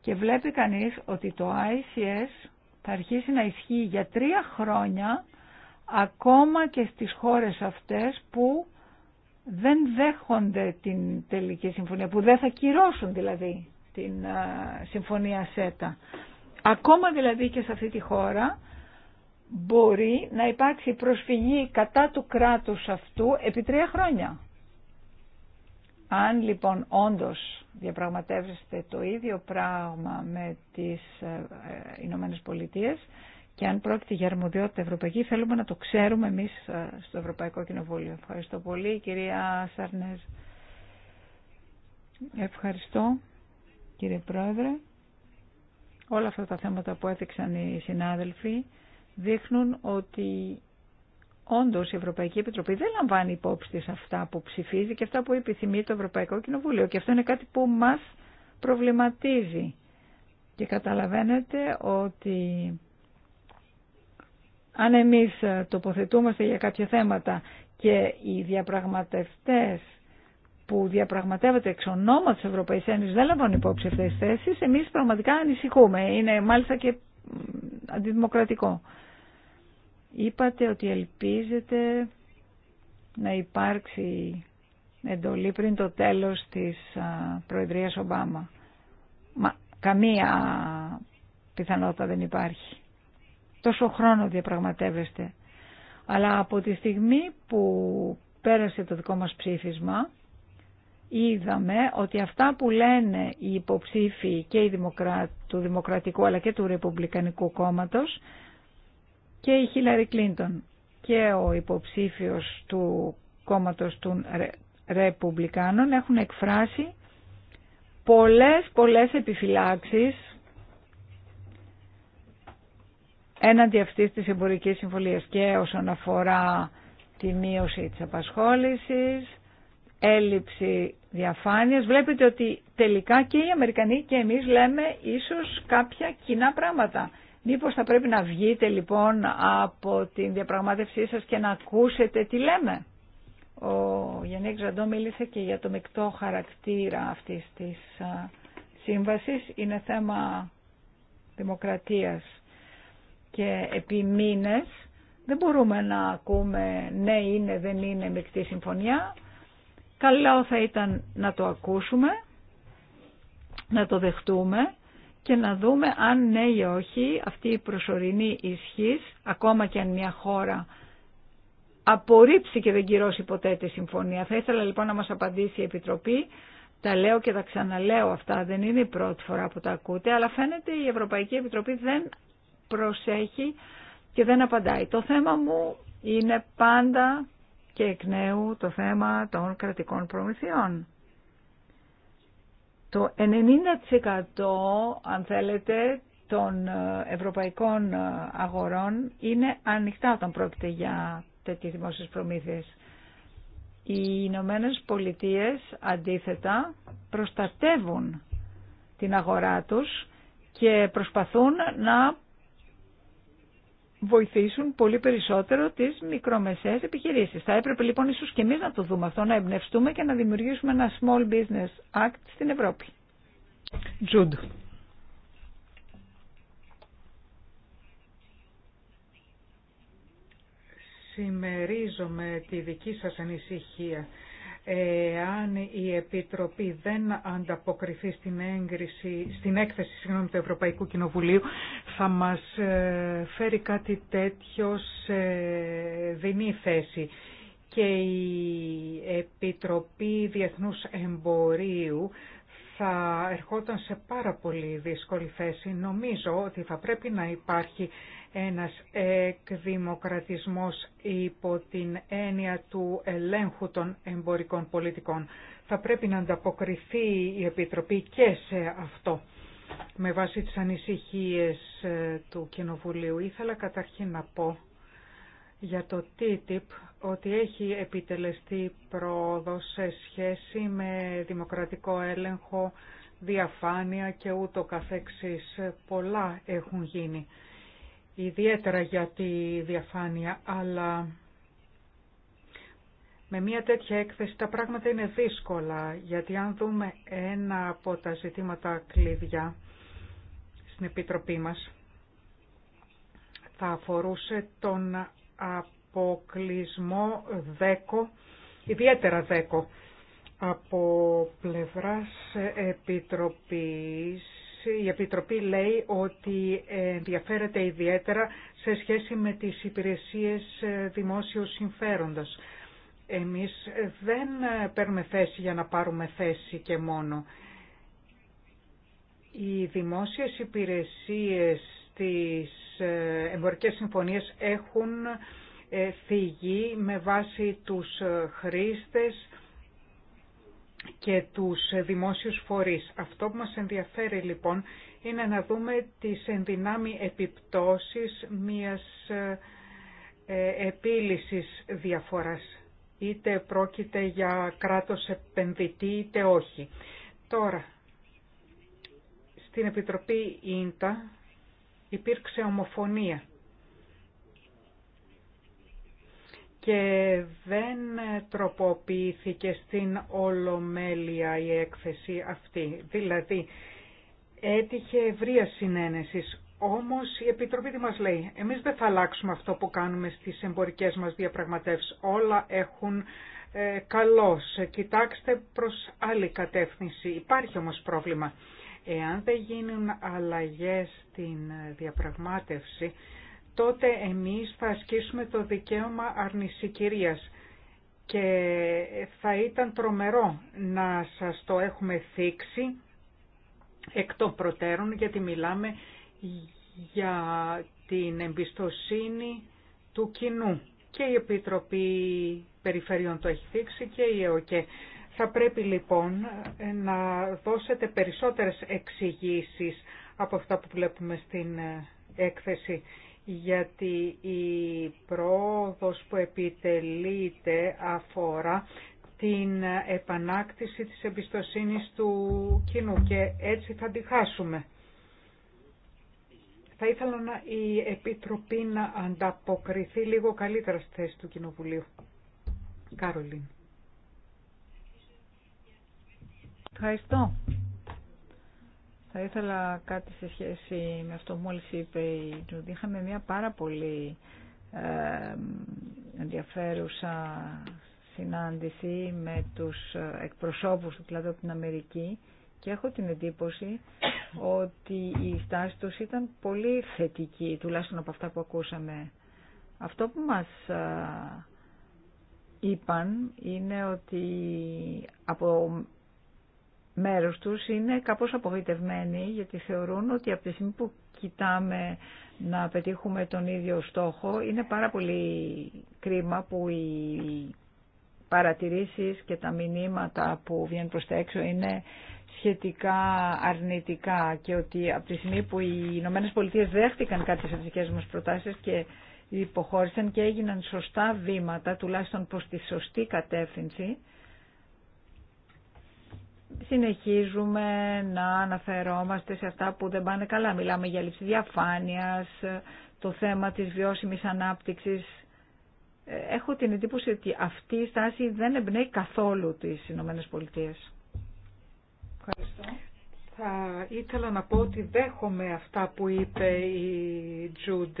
Και βλέπει κανείς ότι το ICS θα αρχίσει να ισχύει για τρία χρόνια ακόμα και στις χώρες αυτές που δεν δέχονται την τελική συμφωνία, που δεν θα κυρώσουν δηλαδή την συμφωνία ΣΕΤΑ. Ακόμα δηλαδή και σε αυτή τη χώρα μπορεί να υπάρξει προσφυγή κατά του κράτους αυτού επί τρία χρόνια. Αν λοιπόν όντως διαπραγματεύεστε το ίδιο πράγμα με τις ε, ε, Ηνωμένες Πολιτείες, και αν πρόκειται για αρμοδιότητα ευρωπαϊκή θέλουμε να το ξέρουμε εμείς ε, στο Ευρωπαϊκό Κοινοβούλιο. Ευχαριστώ πολύ κυρία Σαρνέζ. Ευχαριστώ κύριε Πρόεδρε. Όλα αυτά τα θέματα που έθιξαν οι συνάδελφοι δείχνουν ότι όντως η Ευρωπαϊκή Επιτροπή δεν λαμβάνει υπόψη σε αυτά που ψηφίζει και αυτά που επιθυμεί το Ευρωπαϊκό Κοινοβούλιο και αυτό είναι κάτι που μας προβληματίζει. Και καταλαβαίνετε ότι αν εμείς ε, τοποθετούμαστε για κάποια θέματα και οι διαπραγματευτές που διαπραγματεύεται εξ ονόμα Ευρωπαϊκής Ένωσης δεν λαμβάνουν υπόψη αυτές τις θέσεις, εμείς πραγματικά ανησυχούμε. Είναι μάλιστα και αντιδημοκρατικό. Είπατε ότι ελπίζετε να υπάρξει εντολή πριν το τέλος της Προεδρίας Ομπάμα. Μα καμία πιθανότητα δεν υπάρχει τόσο χρόνο διαπραγματεύεστε. Αλλά από τη στιγμή που πέρασε το δικό μας ψήφισμα, είδαμε ότι αυτά που λένε οι υποψήφοι και οι δημοκρά... του Δημοκρατικού αλλά και του Ρεπουμπλικανικού κόμματος και η Χίλαρη Κλίντον και ο υποψήφιος του κόμματος των Ρεπουμπλικάνων έχουν εκφράσει πολλές πολλές επιφυλάξεις έναντι αυτής της εμπορική συμφωνίας και όσον αφορά τη μείωση της απασχόλησης, έλλειψη διαφάνειας. Βλέπετε ότι τελικά και οι Αμερικανοί και εμείς λέμε ίσως κάποια κοινά πράγματα. Μήπως θα πρέπει να βγείτε λοιπόν από την διαπραγμάτευσή σας και να ακούσετε τι λέμε. Ο Γιάννη Ζαντό μίλησε και για το μεικτό χαρακτήρα αυτής της σύμβασης. Είναι θέμα δημοκρατίας και επί μήνες δεν μπορούμε να ακούμε ναι είναι, δεν είναι μεικτή συμφωνία. Καλό θα ήταν να το ακούσουμε, να το δεχτούμε και να δούμε αν ναι ή όχι αυτή η προσωρινή ισχύς, ισχύ, ακομα και αν μια χώρα απορρίψει και δεν κυρώσει ποτέ τη συμφωνία. Θα ήθελα λοιπόν να μας απαντήσει η Επιτροπή. Τα λέω και τα ξαναλέω αυτά, δεν είναι η πρώτη φορά που τα ακούτε, αλλά φαίνεται η Ευρωπαϊκή Επιτροπή δεν προσέχει και δεν απαντάει. Το θέμα μου είναι πάντα και εκ νέου το θέμα των κρατικών προμηθειών. Το 90% αν θέλετε των ε, ευρωπαϊκών ε, αγορών είναι ανοιχτά όταν πρόκειται για τέτοιες δημόσιες προμήθειες. Οι Ηνωμένε Πολιτείε αντίθετα προστατεύουν την αγορά τους και προσπαθούν να βοηθήσουν πολύ περισσότερο τι μικρομεσαίε επιχειρήσει. Θα έπρεπε λοιπόν ίσω και εμεί να το δούμε αυτό, να εμπνευστούμε και να δημιουργήσουμε ένα Small Business Act στην Ευρώπη. Τζουντ. Συμμερίζομαι τη δική σας ανησυχία Εάν η Επιτροπή δεν ανταποκριθεί στην, στην έκθεση συγγνώμη, του Ευρωπαϊκού Κοινοβουλίου, θα μας ε, φέρει κάτι τέτοιο σε δινή θέση. Και η Επιτροπή Διεθνούς Εμπορίου θα ερχόταν σε πάρα πολύ δύσκολη θέση. Νομίζω ότι θα πρέπει να υπάρχει ένας εκδημοκρατισμός υπό την έννοια του ελέγχου των εμπορικών πολιτικών. Θα πρέπει να ανταποκριθεί η Επιτροπή και σε αυτό. Με βάση τις ανησυχίες ε, του Κοινοβουλίου ήθελα καταρχήν να πω για το TTIP ότι έχει επιτελεστεί πρόοδος σε σχέση με δημοκρατικό έλεγχο, διαφάνεια και ούτω καθεξής. Πολλά έχουν γίνει, ιδιαίτερα για τη διαφάνεια, αλλά με μια τέτοια έκθεση τα πράγματα είναι δύσκολα, γιατί αν δούμε ένα από τα ζητήματα κλειδιά στην Επιτροπή μας, θα αφορούσε τον αποκλεισμό δέκο, ιδιαίτερα δέκο, από πλευράς Επιτροπής. Η Επιτροπή λέει ότι ενδιαφέρεται ιδιαίτερα σε σχέση με τις υπηρεσίες δημόσιου συμφέροντος. Εμείς δεν παίρνουμε θέση για να πάρουμε θέση και μόνο. Οι δημόσιες υπηρεσίες της ε, εμπορικές συμφωνίες έχουν ε, φυγεί με βάση τους ε, χρήστες και τους δημόσιους φορείς. Αυτό που μας ενδιαφέρει λοιπόν είναι να δούμε τις ενδυνάμει επιπτώσεις μιας επίλυσης διαφοράς. Είτε πρόκειται για κράτος επενδυτή είτε όχι. Τώρα, στην Επιτροπή Ίντα υπήρξε ομοφωνία. και δεν τροποποιήθηκε στην Ολομέλεια η έκθεση αυτή. Δηλαδή, έτυχε ευρεία συνένεση. Όμως η Επιτροπή τι μας λέει, εμείς δεν θα αλλάξουμε αυτό που κάνουμε στις εμπορικές μας διαπραγματεύσεις. Όλα έχουν ε, καλώς. Κοιτάξτε προς άλλη κατεύθυνση. Υπάρχει όμως πρόβλημα. Εάν δεν γίνουν αλλαγές στην διαπραγμάτευση, τότε εμείς θα ασκήσουμε το δικαίωμα αρνησικυρίας και θα ήταν τρομερό να σας το έχουμε θίξει εκ των προτέρων γιατί μιλάμε για την εμπιστοσύνη του κοινού. Και η Επιτροπή Περιφερειών το έχει θίξει και η ΕΟΚΕ. Θα πρέπει λοιπόν ε, να δώσετε περισσότερες εξηγήσει από αυτά που βλέπουμε στην ε, έκθεση, γιατί η πρόοδος που επιτελείται αφορά την επανάκτηση της εμπιστοσύνης του κοινού και έτσι θα τη Θα ήθελα να η Επιτροπή να ανταποκριθεί λίγο καλύτερα στη θέση του Κοινοβουλίου. Κάρολιν. Ευχαριστώ. Θα ήθελα κάτι σε σχέση με αυτό που μόλις είπε η Τζουδίχα Είχαμε μια πάρα πολύ ενδιαφέρουσα συνάντηση με τους ε, εκπροσώπους του κλάδου από την Αμερική και έχω την εντύπωση ότι η στάση τους ήταν πολύ θετική, τουλάχιστον από αυτά που ακούσαμε. Αυτό που μας ε, είπαν είναι ότι από μέρος τους είναι κάπως απογοητευμένοι γιατί θεωρούν ότι από τη στιγμή που κοιτάμε να πετύχουμε τον ίδιο στόχο είναι πάρα πολύ κρίμα που οι παρατηρήσεις και τα μηνύματα που βγαίνουν προς τα έξω είναι σχετικά αρνητικά και ότι από τη στιγμή που οι Ηνωμένε Πολιτείε δέχτηκαν κάποιες από τις μας προτάσεις και υποχώρησαν και έγιναν σωστά βήματα τουλάχιστον προς τη σωστή κατεύθυνση συνεχίζουμε να αναφερόμαστε σε αυτά που δεν πάνε καλά. Μιλάμε για λήψη διαφάνειας, το θέμα της βιώσιμης ανάπτυξης. Έχω την εντύπωση ότι αυτή η στάση δεν εμπνέει καθόλου τις Ηνωμένες Πολιτείες. Ευχαριστώ. Θα ήθελα να πω ότι δέχομαι αυτά που είπε η Τζούντ.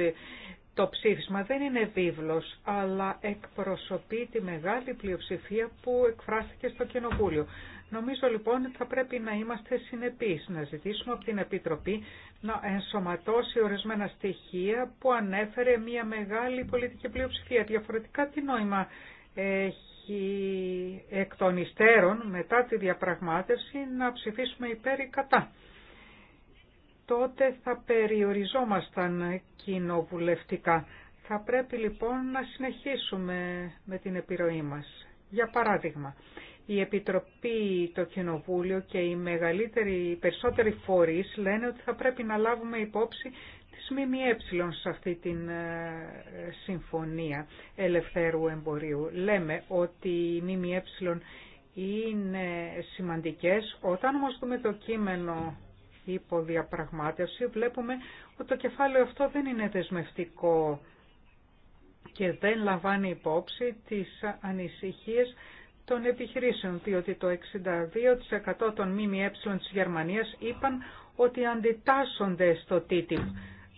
Το ψήφισμα δεν είναι βίβλος, αλλά εκπροσωπεί τη μεγάλη πλειοψηφία που εκφράστηκε στο Κοινοβούλιο. Νομίζω λοιπόν ότι θα πρέπει να είμαστε συνεπείς, να ζητήσουμε από την Επιτροπή να ενσωματώσει ορισμένα στοιχεία που ανέφερε μια μεγάλη πολιτική πλειοψηφία. Διαφορετικά τι νόημα έχει εκ των υστέρων μετά τη διαπραγμάτευση να ψηφίσουμε υπέρ ή κατά. Τότε θα περιοριζόμασταν κοινοβουλευτικά. Θα πρέπει λοιπόν να συνεχίσουμε με την επιρροή μας. Για παράδειγμα, η Επιτροπή, το Κοινοβούλιο και οι μεγαλύτεροι, περισσότεροι φορείς λένε ότι θα πρέπει να λάβουμε υπόψη της ΜΜΕ σε αυτή την ε, συμφωνία ελευθέρου εμπορίου. Λέμε ότι οι ΜΜΕ είναι σημαντικές. Όταν όμως δούμε το κείμενο υποδιαπραγμάτευση βλέπουμε ότι το κεφάλαιο αυτό δεν είναι δεσμευτικό και δεν λαμβάνει υπόψη τις ανησυχίες των επιχειρήσεων, διότι το 62% των ΜΜΕ της Γερμανίας είπαν ότι αντιτάσσονται στο TTIP.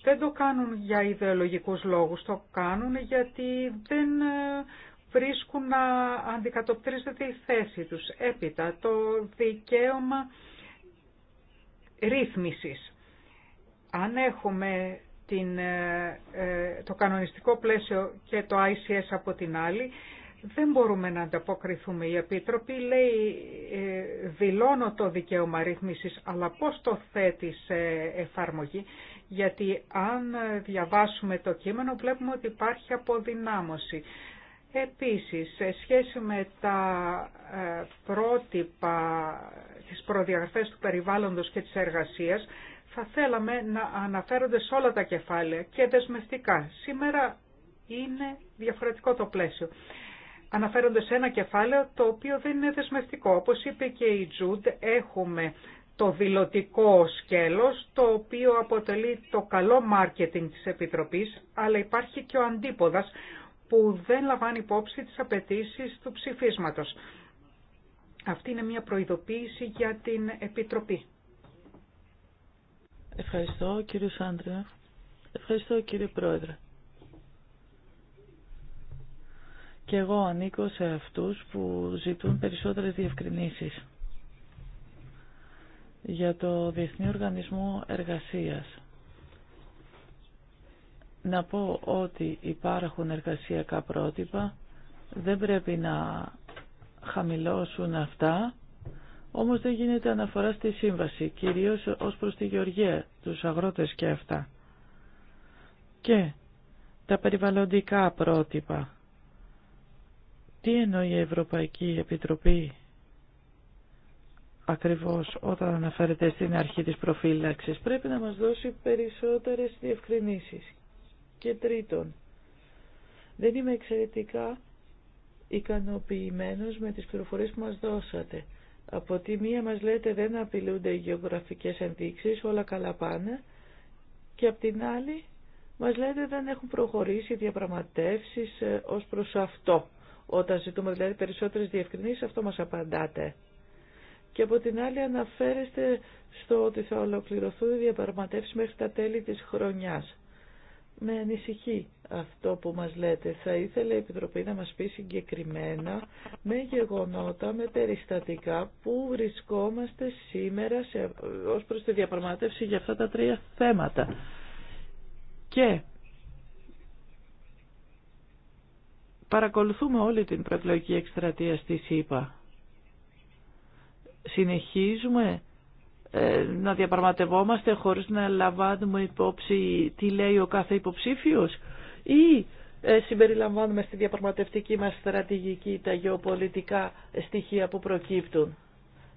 Δεν το κάνουν για ιδεολογικούς λόγους, το κάνουν γιατί δεν ε, βρίσκουν να αντικατοπτρίζεται η θέση τους. Έπειτα το δικαίωμα ρύθμισης. Αν έχουμε την, ε, ε, το κανονιστικό πλαίσιο και το ICS από την άλλη, δεν μπορούμε να ανταποκριθούμε. Η Επίτροπη λέει ε, δηλώνω το δικαίωμα ρύθμισης, αλλά πώς το θέτει σε εφαρμογή. Γιατί αν διαβάσουμε το κείμενο βλέπουμε ότι υπάρχει αποδυνάμωση. Επίσης, σε σχέση με τα ε, πρότυπα, της προδιαγραφές του περιβάλλοντος και της εργασίας, θα θέλαμε να αναφέρονται σε όλα τα κεφάλαια και δεσμευτικά. Σήμερα είναι διαφορετικό το πλαίσιο αναφέρονται σε ένα κεφάλαιο το οποίο δεν είναι δεσμευτικό. Όπως είπε και η Τζούντ, έχουμε το δηλωτικό σκέλος, το οποίο αποτελεί το καλό μάρκετινγκ της Επιτροπής, αλλά υπάρχει και ο αντίποδας που δεν λαμβάνει υπόψη τις απαιτήσει του ψηφίσματος. Αυτή είναι μια προειδοποίηση για την Επιτροπή. Ευχαριστώ κύριε Σάντρια. Ευχαριστώ κύριε Πρόεδρε. Και εγώ ανήκω σε αυτούς που ζητούν περισσότερες διευκρινήσεις για το Διεθνή Οργανισμό Εργασίας. Να πω ότι υπάρχουν εργασιακά πρότυπα, δεν πρέπει να χαμηλώσουν αυτά, όμως δεν γίνεται αναφορά στη σύμβαση, κυρίως ως προς τη Γεωργία, τους αγρότες και αυτά. Και τα περιβαλλοντικά πρότυπα τι εννοεί η Ευρωπαϊκή Επιτροπή ακριβώς όταν αναφέρεται στην αρχή της προφύλαξης. Πρέπει να μας δώσει περισσότερες διευκρινήσεις. Και τρίτον, δεν είμαι εξαιρετικά ικανοποιημένος με τις πληροφορίες που μας δώσατε. Από τη μία μας λέτε δεν απειλούνται οι γεωγραφικές ενδείξεις, όλα καλά πάνε. Και από την άλλη μας λέτε δεν έχουν προχωρήσει διαπραγματεύσεις ε, ως προς αυτό. Όταν ζητούμε δηλαδή περισσότερες διευκρινήσεις, αυτό μας απαντάτε. Και από την άλλη αναφέρεστε στο ότι θα ολοκληρωθούν οι διαπραγματεύσει μέχρι τα τέλη της χρονιάς. Με ανησυχεί αυτό που μας λέτε. Θα ήθελε η Επιτροπή να μας πει συγκεκριμένα με γεγονότα, με περιστατικά που βρισκόμαστε σήμερα σε, ως προς τη διαπραγμάτευση για αυτά τα τρία θέματα. Και Παρακολουθούμε όλη την προεκλογική εκστρατεία στη ΣΥΠΑ. Συνεχίζουμε ε, να διαπραγματευόμαστε χωρίς να λαμβάνουμε υπόψη τι λέει ο κάθε υποψήφιος ή ε, συμπεριλαμβάνουμε στη διαπραγματευτική μας στρατηγική τα γεωπολιτικά στοιχεία που προκύπτουν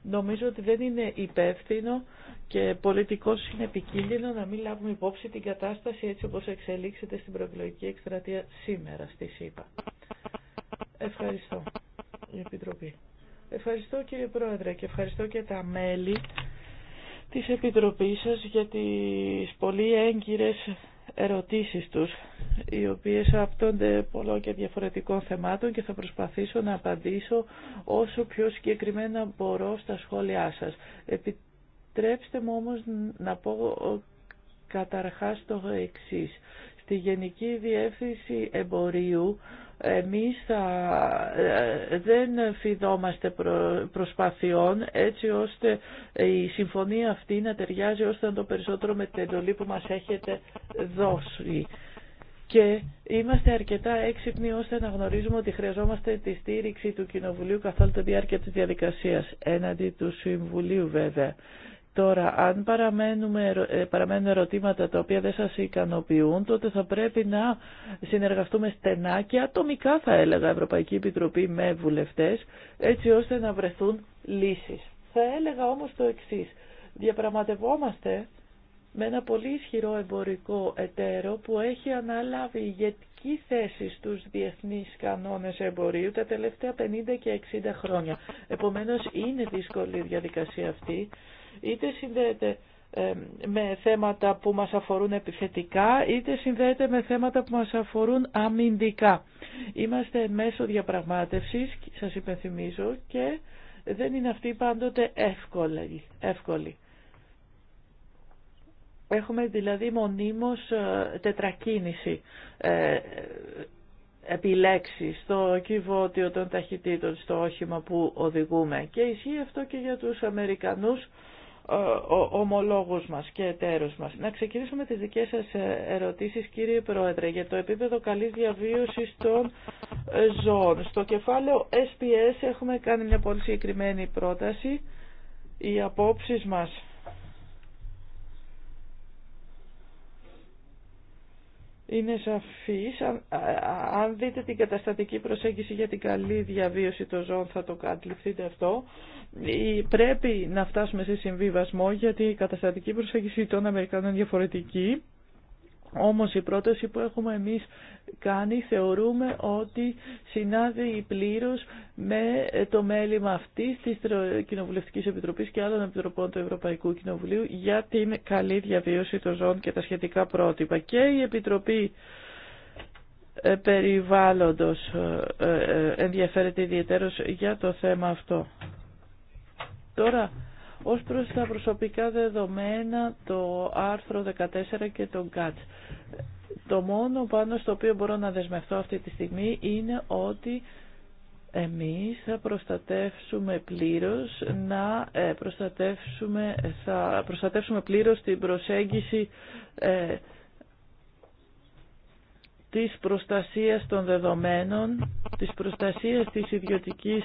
νομίζω ότι δεν είναι υπεύθυνο και πολιτικός είναι επικίνδυνο να μην λάβουμε υπόψη την κατάσταση έτσι όπως εξελίξεται στην προεκλογική εκστρατεία σήμερα στη ΣΥΠΑ. Ευχαριστώ, η Επιτροπή. Ευχαριστώ κύριε Πρόεδρε και ευχαριστώ και τα μέλη της Επιτροπής σας για τις πολύ έγκυρες ερωτήσεις τους, οι οποίες απτώνται πολλών και διαφορετικών θεμάτων και θα προσπαθήσω να απαντήσω όσο πιο συγκεκριμένα μπορώ στα σχόλιά σας. Επιτρέψτε μου όμως να πω καταρχάς το εξής. Στη Γενική Διεύθυνση Εμπορίου εμείς θα, ε, δεν φιδόμαστε προ, προσπαθειών έτσι ώστε η συμφωνία αυτή να ταιριάζει ώστε να το περισσότερο με την εντολή που μας έχετε δώσει. Και είμαστε αρκετά έξυπνοι ώστε να γνωρίζουμε ότι χρειαζόμαστε τη στήριξη του Κοινοβουλίου καθ' όλη τη διάρκεια της διαδικασίας, έναντι του Συμβουλίου βέβαια. Τώρα, αν παραμένουμε, ε, παραμένουν ερωτήματα τα οποία δεν σας ικανοποιούν, τότε θα πρέπει να συνεργαστούμε στενά και ατομικά θα έλεγα Ευρωπαϊκή Επιτροπή με βουλευτές, έτσι ώστε να βρεθούν λύσεις. Θα έλεγα όμως το εξής. Διαπραγματευόμαστε με ένα πολύ ισχυρό εμπορικό εταίρο που έχει αναλάβει ηγετική θέση στους διεθνείς κανόνες εμπορίου τα τελευταία 50 και 60 χρόνια. Επομένως είναι δύσκολη η διαδικασία αυτή είτε συνδέεται με θέματα που μας αφορούν επιθετικά είτε συνδέεται με θέματα που μας αφορούν αμυντικά. Είμαστε μέσω διαπραγμάτευσης, σας υπενθυμίζω, και δεν είναι αυτή πάντοτε εύκολη. εύκολη. Έχουμε δηλαδή μονίμως ε, τετρακίνηση ε, επιλέξει στο κυβότιο των ταχυτήτων, στο όχημα που οδηγούμε. Και ισχύει αυτό και για τους Αμερικανούς ε, ο ομολόγος μας και εταίρους μας. Να ξεκινήσουμε με τις δικές σας ε, ερωτήσεις κύριε Πρόεδρε για το επίπεδο καλής διαβίωσης των ε, ζώων. Στο κεφάλαιο SPS έχουμε κάνει μια πολύ συγκεκριμένη πρόταση. Οι απόψεις μας είναι σαφής. Αν δείτε την καταστατική προσέγγιση για την καλή διαβίωση των ζώων θα το κατληφθείτε αυτό. Πρέπει να φτάσουμε σε συμβιβασμό γιατί η καταστατική προσέγγιση των Αμερικανών είναι διαφορετική όμως η πρόταση που έχουμε εμείς κάνει θεωρούμε ότι συνάδει πλήρως με το μέλημα αυτής της Κοινοβουλευτικής Επιτροπής και άλλων Επιτροπών του Ευρωπαϊκού Κοινοβουλίου για την καλή διαβίωση των ζώων και τα σχετικά πρότυπα. Και η Επιτροπή ε, Περιβάλλοντος ε, ε, ενδιαφέρεται ιδιαίτερως για το θέμα αυτό. Τώρα ως προς τα προσωπικά δεδομένα, το άρθρο 14 και το ΚΑΤΣ. Το μόνο πάνω στο οποίο μπορώ να δεσμευτώ αυτή τη στιγμή είναι ότι εμείς θα προστατεύσουμε πλήρως, να ε, προστατεύσουμε, θα προστατεύσουμε πλήρως την προσέγγιση ε, της προστασίας των δεδομένων, της προστασίας της ιδιωτικής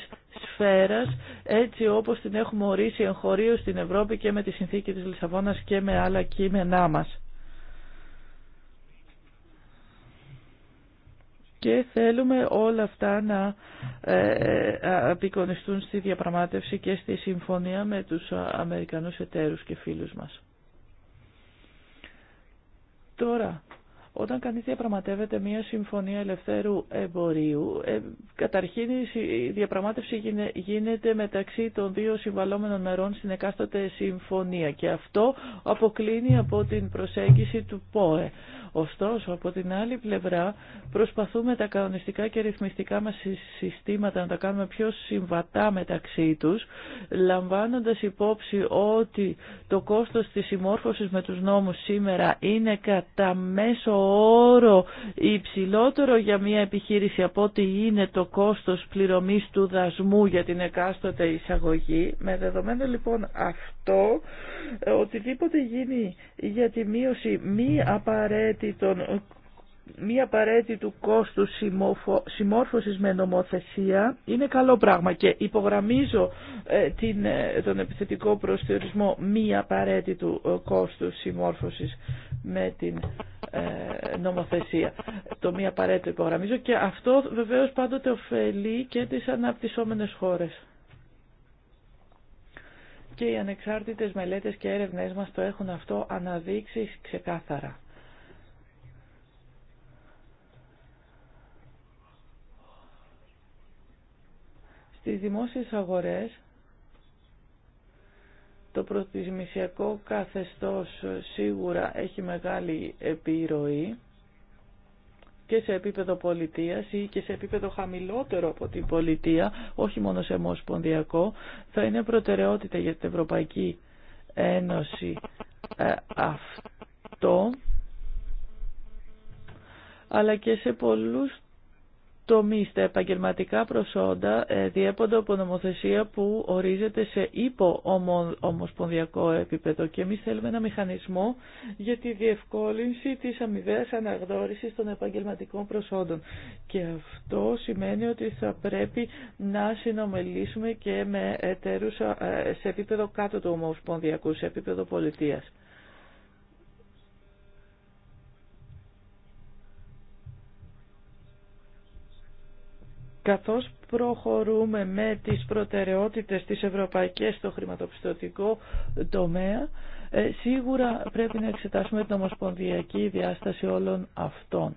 σφαίρας έτσι όπως την έχουμε ορίσει εγχωρίως στην Ευρώπη και με τη συνθήκη της Λισαβόνας και με άλλα κείμενά μας. και θέλουμε όλα αυτά να ε, ε, απεικονιστούν στη διαπραγμάτευση και στη συμφωνία με τους Αμερικανούς εταίρους και φίλους μας. Τώρα, όταν κανείς διαπραγματεύεται μια συμφωνία ελευθέρου εμπορίου, ε, καταρχήν η διαπραγμάτευση γίνεται μεταξύ των δύο συμβαλόμενων μερών στην εκάστοτε συμφωνία και αυτό αποκλίνει από την προσέγγιση του ΠΟΕ. Ωστόσο, από την άλλη πλευρά προσπαθούμε τα κανονιστικά και ρυθμιστικά μας συστήματα να τα κάνουμε πιο συμβατά μεταξύ τους, λαμβάνοντας υπόψη ότι το κόστος της συμμόρφωσης με τους νόμους σήμερα είναι κατά μέσο όρο υψηλότερο για μια επιχείρηση από ότι είναι το κόστος πληρωμής του δασμού για την εκάστοτε εισαγωγή. Με δεδομένο λοιπόν αυτό, οτιδήποτε γίνει για τη μείωση μη απαραίτητων μη απαραίτητου κόστου συμμόρφωσης με νομοθεσία είναι καλό πράγμα και υπογραμμίζω ε, την, ε, τον επιθετικό προσδιορισμό μη απαραίτητου ε, κόστου συμμόρφωσης με την ε, νομοθεσία. Το μη απαραίτητο υπογραμμίζω και αυτό βεβαίως πάντοτε ωφελεί και τις αναπτυσσόμενες χώρες. Και οι ανεξάρτητες μελέτες και έρευνές μας το έχουν αυτό αναδείξει ξεκάθαρα. Στις δημόσιες αγορές το προτιμησιακό καθεστώς σίγουρα έχει μεγάλη επιρροή και σε επίπεδο πολιτείας ή και σε επίπεδο χαμηλότερο από την πολιτεία, όχι μόνο σε μοσπονδιακό, θα είναι προτεραιότητα για την Ευρωπαϊκή Ένωση ε, αυτό, αλλά και σε πολλούς Τομεί στα επαγγελματικά προσόντα ε, διέπονται από νομοθεσία που ορίζεται σε υπο-ομοσπονδιακό επίπεδο και εμεί θέλουμε ένα μηχανισμό για τη διευκόλυνση της αμοιβαίας αναγνώρισης των επαγγελματικών προσόντων. Και αυτό σημαίνει ότι θα πρέπει να συνομιλήσουμε και με εταίρους ε, σε επίπεδο κάτω του ομοσπονδιακού, σε επίπεδο πολιτείας. Καθώς προχωρούμε με τις προτεραιότητες της ευρωπαϊκής στο χρηματοπιστωτικό τομέα, ε, σίγουρα πρέπει να εξετάσουμε την ομοσπονδιακή διάσταση όλων αυτών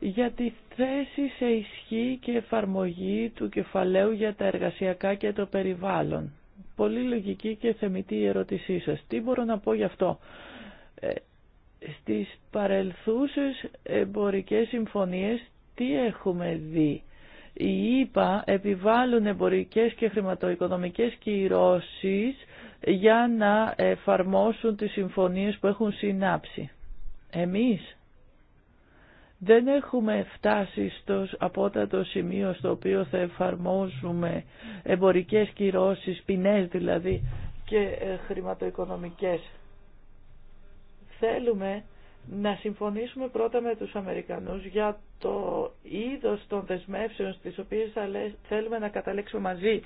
για τη θέση σε ισχύ και εφαρμογή του κεφαλαίου για τα εργασιακά και το περιβάλλον. Πολύ λογική και θεμητή η ερώτησή σας. Τι μπορώ να πω γι' αυτό. Ε, στις παρελθούσες εμπορικές συμφωνίες τι έχουμε δει. Οι ΙΠΑ επιβάλλουν εμπορικές και χρηματοοικονομικές κυρώσεις για να εφαρμόσουν τις συμφωνίες που έχουν συνάψει. Εμείς δεν έχουμε φτάσει στο απότατο σημείο στο οποίο θα εφαρμόζουμε εμπορικές κυρώσεις, ποινές δηλαδή και ε, χρηματοοικονομικές. Θέλουμε να συμφωνήσουμε πρώτα με τους Αμερικανούς για το είδος των δεσμεύσεων στις οποίες θέλουμε να καταλέξουμε μαζί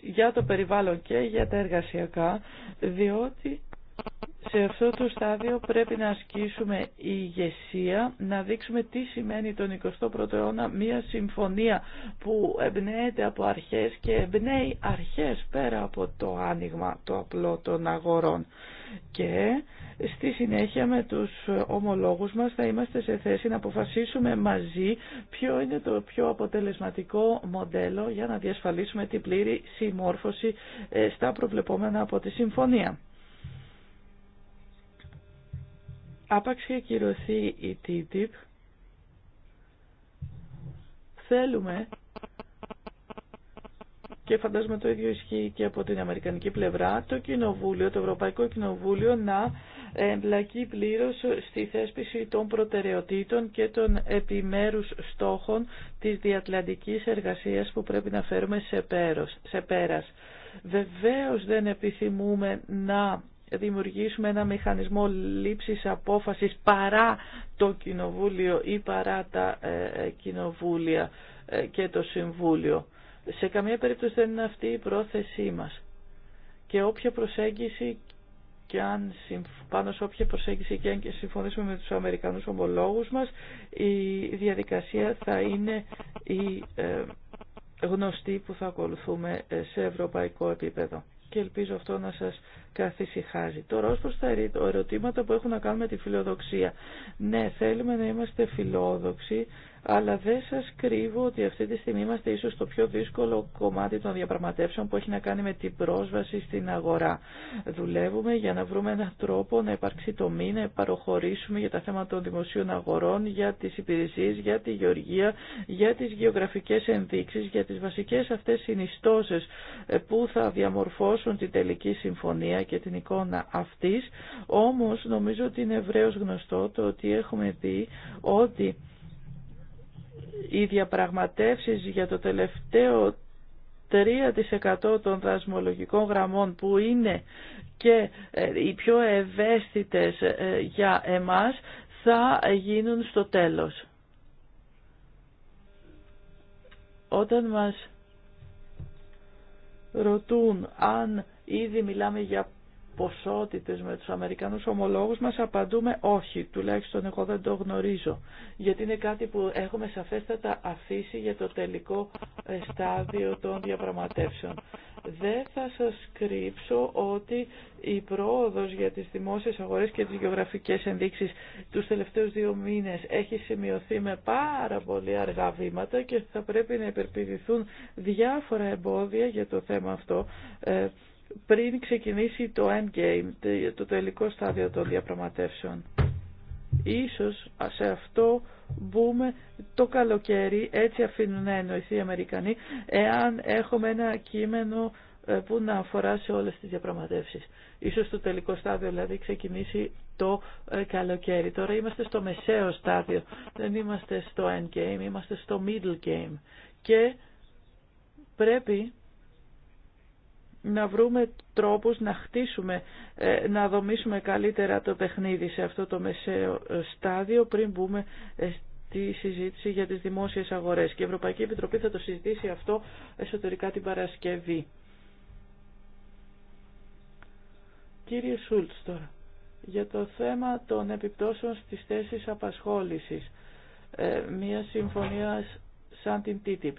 για το περιβάλλον και για τα εργασιακά, διότι σε αυτό το στάδιο πρέπει να ασκήσουμε ηγεσία, να δείξουμε τι σημαίνει τον 21ο αιώνα μια συμφωνία που εμπνέεται από αρχές και εμπνέει αρχές πέρα από το άνοιγμα το απλό των αγορών. Και στη συνέχεια με τους ομολόγους μας θα είμαστε σε θέση να αποφασίσουμε μαζί ποιο είναι το πιο αποτελεσματικό μοντέλο για να διασφαλίσουμε την πλήρη συμμόρφωση ε, στα προβλεπόμενα από τη συμφωνία. Άπαξ και ακυρωθεί η TTIP, θέλουμε και φαντάζομαι το ίδιο ισχύει και από την Αμερικανική πλευρά, το Κοινοβούλιο, το Ευρωπαϊκό Κοινοβούλιο να εμπλακεί πλήρως στη θέσπιση των προτεραιοτήτων και των επιμέρους στόχων της διατλαντικής εργασίας που πρέπει να φέρουμε σε, πέρος, σε πέρας. Βεβαίως δεν επιθυμούμε να δημιουργήσουμε ένα μηχανισμό λήψης απόφασης παρά το κοινοβούλιο ή παρά τα ε, ε, κοινοβούλια ε, και το συμβούλιο. Σε καμία περίπτωση δεν είναι αυτή η πρόθεσή μας. Και όποια προσέγγιση και αν πάνω σε όποια προσέγγιση και αν και συμφωνήσουμε με τους Αμερικανούς ομολόγους μας, η διαδικασία θα είναι η γνωστή που θα ακολουθούμε σε ευρωπαϊκό επίπεδο. Και ελπίζω αυτό να σας καθησυχάζει. Τώρα ως προς τα ερωτήματα που έχουν να κάνουν με τη φιλοδοξία. Ναι, θέλουμε να είμαστε φιλόδοξοι, αλλά δεν σας κρύβω ότι αυτή τη στιγμή είμαστε ίσως το πιο δύσκολο κομμάτι των διαπραγματεύσεων που έχει να κάνει με την πρόσβαση στην αγορά. Δουλεύουμε για να βρούμε έναν τρόπο να υπάρξει το μήνα, παροχωρήσουμε για τα θέματα των δημοσίων αγορών, για τις υπηρεσίες, για τη γεωργία, για τις γεωγραφικές ενδείξεις, για τις βασικές αυτές συνιστώσεις ε, που θα διαμορφώσουν την τελική συμφωνία και την εικόνα αυτής. Όμως νομίζω ότι είναι ευρέως γνωστό το ότι έχουμε δει ότι οι διαπραγματεύσεις για το τελευταίο 3% των δασμολογικών γραμμών που είναι και ε, οι πιο ευαίσθητες ε, για εμάς θα γίνουν στο τέλος. Όταν μας ρωτούν αν ήδη μιλάμε για ποσότητες με τους Αμερικανούς ομολόγους μας απαντούμε όχι, τουλάχιστον εγώ δεν το γνωρίζω, γιατί είναι κάτι που έχουμε σαφέστατα αφήσει για το τελικό ε, στάδιο των διαπραγματεύσεων. Δεν θα σας κρύψω ότι η πρόοδος για τις δημόσιες αγορές και τις γεωγραφικές ενδείξεις τους τελευταίους δύο μήνες έχει σημειωθεί με πάρα πολύ αργά βήματα και θα πρέπει να υπερπηδηθούν διάφορα εμπόδια για το θέμα αυτό ε, πριν ξεκινήσει το endgame, το τελικό στάδιο των διαπραγματεύσεων. Ίσως σε αυτό μπούμε το καλοκαίρι, έτσι αφήνουν να εννοηθεί οι Αμερικανοί, εάν έχουμε ένα κείμενο ε, που να αφορά σε όλες τις διαπραγματεύσεις. Ίσως το τελικό στάδιο δηλαδή ξεκινήσει το ε, καλοκαίρι. Τώρα είμαστε στο μεσαίο στάδιο, δεν είμαστε στο endgame, είμαστε στο middle game. Και πρέπει να βρούμε τρόπους να χτίσουμε, ε, να δομήσουμε καλύτερα το παιχνίδι σε αυτό το μεσαίο στάδιο πριν μπούμε ε, στη συζήτηση για τις δημόσιες αγορές. Και η Ευρωπαϊκή Επιτροπή θα το συζητήσει αυτό εσωτερικά την Παρασκευή. Κύριε Σούλτς για το θέμα των επιπτώσεων στις θέσεις απασχόλησης, ε, μια συμφωνία σαν την TTIP.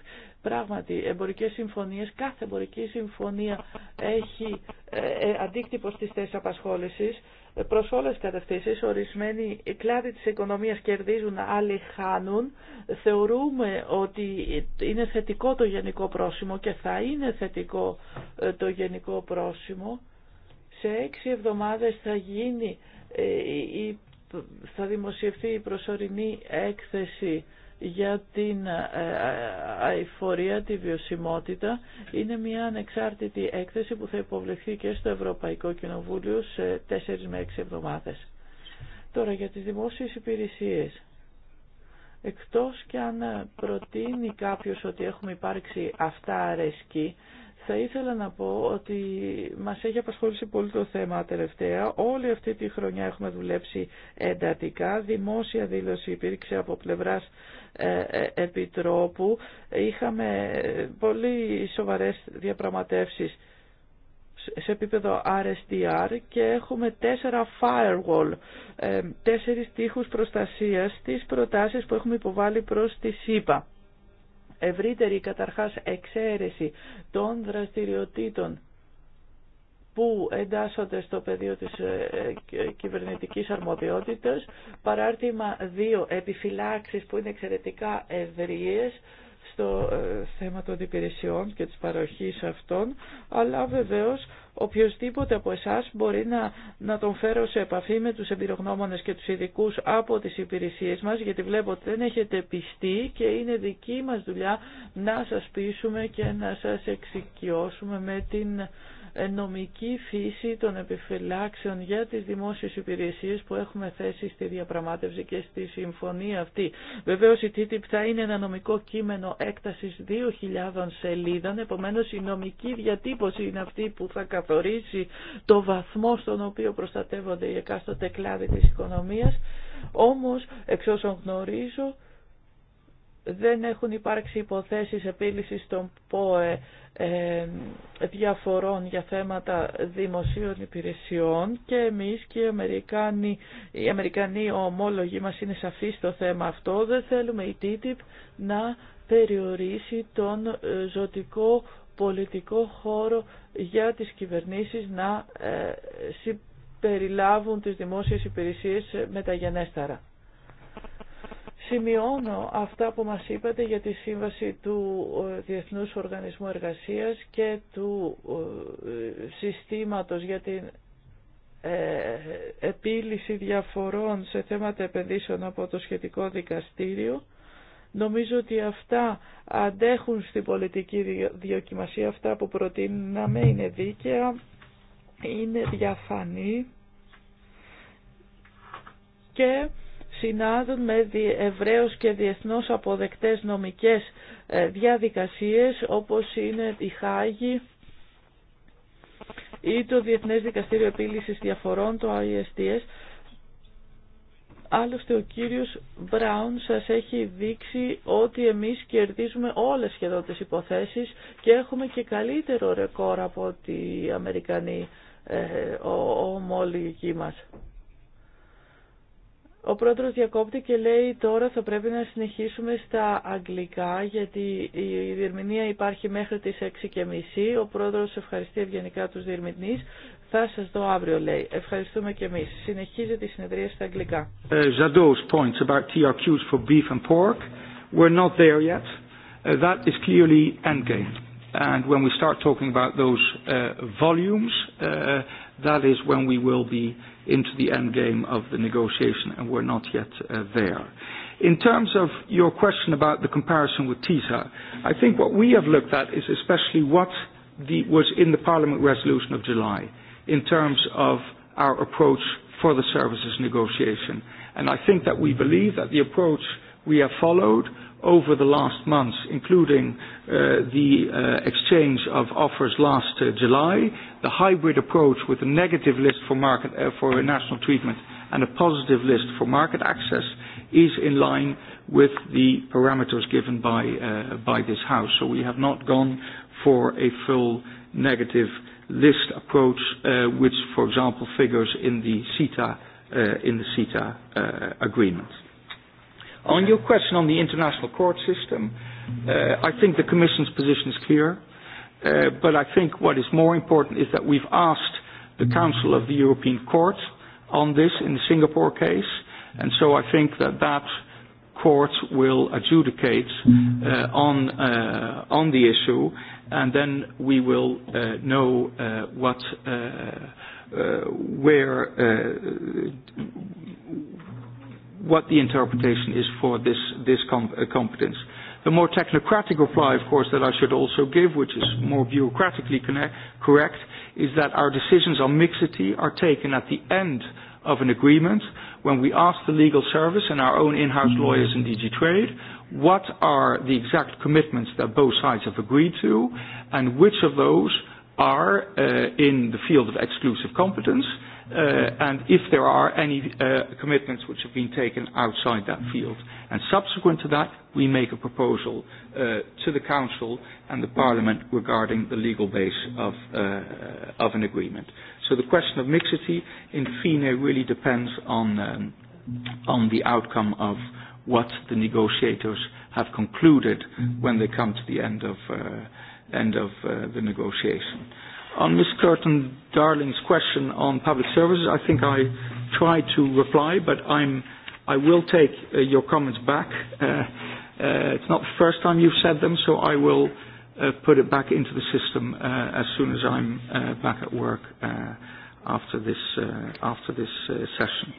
Πράγματι, εμπορικές συμφωνίες, κάθε εμπορική συμφωνία έχει ε, ε, αντίκτυπο στις θέσεις απασχόλησης ε, προς όλες τις κατευθύνσεις, ορισμένοι κλάδοι της οικονομίας κερδίζουν, άλλοι χάνουν. Θεωρούμε ότι είναι θετικό το γενικό πρόσημο και θα είναι θετικό το γενικό πρόσημο. Σε έξι εβδομάδες θα γίνει, θα δημοσιευθεί η προσωρινή έκθεση για την ε, ε, αηφορία, τη βιωσιμότητα. Είναι μια ανεξάρτητη έκθεση που θα υποβληθεί και στο Ευρωπαϊκό Κοινοβούλιο σε 4 με έξι εβδομάδες. Τώρα για τις δημόσιες υπηρεσίες. Εκτός και αν προτείνει κάποιος ότι έχουμε υπάρξει αυτά αρέσκη, θα ήθελα να πω ότι μας έχει απασχολήσει πολύ το θέμα τελευταία. Όλη αυτή τη χρονιά έχουμε δουλέψει εντατικά. Δημόσια δήλωση υπήρξε από πλευράς ε, ε, Επιτρόπου. Είχαμε ε, πολύ σοβαρές διαπραγματεύσεις σε επίπεδο RSDR και έχουμε τέσσερα firewall, τέσσερις τείχους προστασίας στις προτάσεις που έχουμε υποβάλει προς τη ΣΥΠΑ. Ευρύτερη καταρχάς εξαίρεση των δραστηριοτήτων που εντάσσονται στο πεδίο της ε, ε, κυβερνητικής αρμοδιότητας, παράρτημα 2 επιφυλάξεις που είναι εξαιρετικά ευρείες στο ε, θέμα των υπηρεσιών και της παροχής αυτών, αλλά βεβαίως οποιοδήποτε από εσάς μπορεί να, να τον φέρω σε επαφή με τους εμπειρογνώμονες και τους ειδικού από τις υπηρεσίες μας, γιατί βλέπω ότι δεν έχετε πιστεί και είναι δική μας δουλειά να σας πείσουμε και να σας εξοικειώσουμε με την νομική φύση των επιφυλάξεων για τις δημόσιες υπηρεσίες που έχουμε θέσει στη διαπραγμάτευση και στη συμφωνία αυτή. Βεβαίως η TTIP θα είναι ένα νομικό κείμενο έκτασης 2.000 σελίδων, επομένως η νομική διατύπωση είναι αυτή που θα καθορίσει το βαθμό στον οποίο προστατεύονται οι εκάστοτε κλάδοι της οικονομίας. Όμως, εξ όσων γνωρίζω, δεν έχουν υπάρξει υποθέσεις επίλυσης των ΠΟΕ ε, διαφορών για θέματα δημοσίων υπηρεσιών και εμείς και οι Αμερικάνοι, οι Αμερικανοί ομόλογοι μας είναι σαφείς στο θέμα αυτό. Δεν θέλουμε η TTIP να περιορίσει τον ε, ζωτικό πολιτικό χώρο για τις κυβερνήσεις να ε, συμπεριλάβουν τις δημόσιες υπηρεσίες μεταγενέστερα. Σημειώνω αυτά που μας είπατε για τη σύμβαση του ε, Διεθνούς Οργανισμού Εργασίας και του ε, συστήματος για την ε, επίλυση διαφορών σε θέματα επενδύσεων από το σχετικό δικαστήριο. Νομίζω ότι αυτά αντέχουν στην πολιτική διοκιμασία, αυτά που προτείναμε είναι δίκαια, είναι διαφανή και συνάδουν με ευρέως και διεθνώς αποδεκτές νομικές ε, διαδικασίες όπως είναι η Χάγη ή το Διεθνές Δικαστήριο Επίλυσης Διαφορών, το ISDS. Άλλωστε ο κύριος Μπράουν σας έχει δείξει ότι εμείς κερδίζουμε όλες σχεδόν τις υποθέσεις και έχουμε και καλύτερο ρεκόρ από ότι οι Αμερικανοί, ε, ο ομόλογοι μας. Ο πρόεδρος διακόπτει και λέει τώρα θα πρέπει να συνεχίσουμε στα αγγλικά γιατί η διερμηνία υπάρχει μέχρι τις 6.30. Ο πρόεδρος ευχαριστεί ευγενικά τους διερμηνείς. Θα σας δω αύριο λέει. Ευχαριστούμε και εμείς. Συνεχίζεται η συνεδρία στα αγγλικά. Uh, ε, Jadot's points about TRQs for beef and pork. We're not there yet. Uh, that is clearly endgame. And when we start talking about those uh, volumes, uh, that is when we will be into the end game of the negotiation, and we're not yet there. In terms of your question about the comparison with TISA, I think what we have looked at is especially what was in the Parliament resolution of July in terms of our approach for the services negotiation. And I think that we believe that the approach we have followed over the last months, including the exchange of offers last July, the hybrid approach with a negative list for market national treatment and a positive list for market access is in line with the parameters given by this House. So we have not gone for a full negative list approach, which, for example, figures in the in the CETA agreement. On your question on the international court system, I think the Commission's position is clear, but I think what is more important is that we've asked the Council of the European Court on this in the Singapore case, and so I think that that court will adjudicate on on the issue, and then we will know what where what the interpretation is for this this competence. The more technocratic reply, of course, that I should also give, which is more bureaucratically correct, is that our decisions on mixity are taken at the end of an agreement when we ask the legal service and our own in-house lawyers in DG Trade what are the exact commitments that both sides have agreed to and which of those are in the field of exclusive competence and if there are any commitments which have been taken outside that field. And subsequent to that, we make a proposal to the Council and the Parliament regarding the legal base of an agreement. So the question of mixity in FINE really depends on the outcome of what the negotiators have concluded when they come to the end of the negotiation. On Ms. Curtin Darling's question on public services, I think I tried to reply, but I'm, I will take your comments back. It's not the first time you've said them, so I will put it back into the system as soon as I'm back at work after this after this session.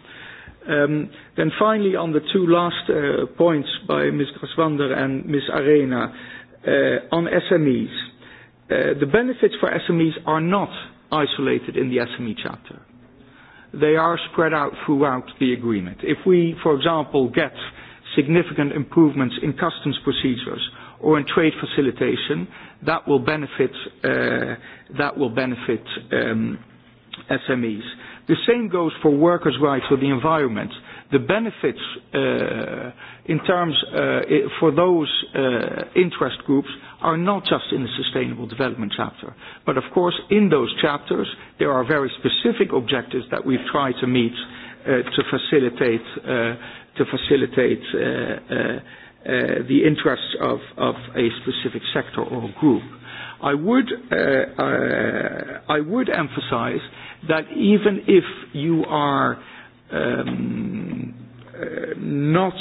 Um, then finally, on the two last points by Ms. Graswander and Ms. Arena on SMEs The benefits for SMEs are not isolated in the SME chapter. They are spread out throughout the agreement. If we, for example, get significant improvements in customs procedures or in trade facilitation, that will benefit SMEs. The same goes for workers' rights or the environment the benefits in terms for those interest groups are not just in the sustainable development chapter but of course in those chapters there are very specific objectives that we've tried to meet to facilitate to facilitate the interests of of a specific sector or group i would i would emphasize that even if you are not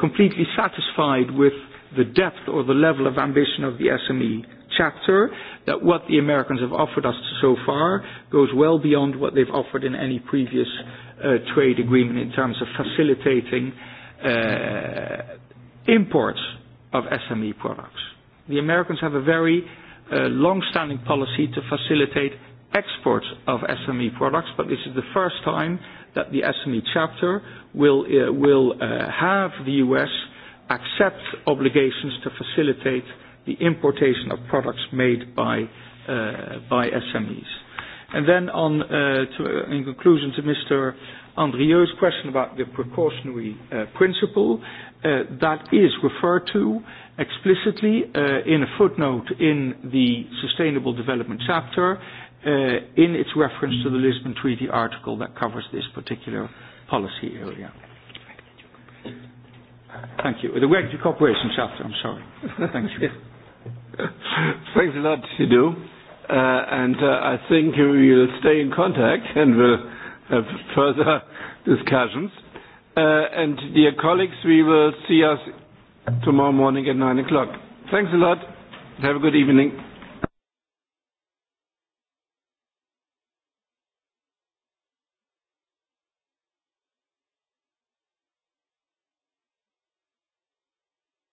completely satisfied with the depth or the level of ambition of the SME chapter, that what the Americans have offered us so far goes well beyond what they've offered in any previous trade agreement in terms of facilitating imports of SME products. The Americans have a very long-standing policy to facilitate exports of SME products, but this is the first time that the SME chapter will will have the US accept obligations to facilitate the importation of products made by by SMEs. And then on to in conclusion to Mr Andrieu's question about the precautionary principle that is referred to explicitly in a footnote in the Sustainable Development chapter in its reference to the Lisbon Treaty article that covers this particular policy area. Thank you. The Regulatory Cooperation chapter, I'm sorry. Thank you. Thanks a lot, Sidhu. Uh, and I think we will stay in contact and we'll have further discussions. Uh, and dear colleagues, we will see us tomorrow morning at 9 o'clock. Thanks a lot. Have a good evening.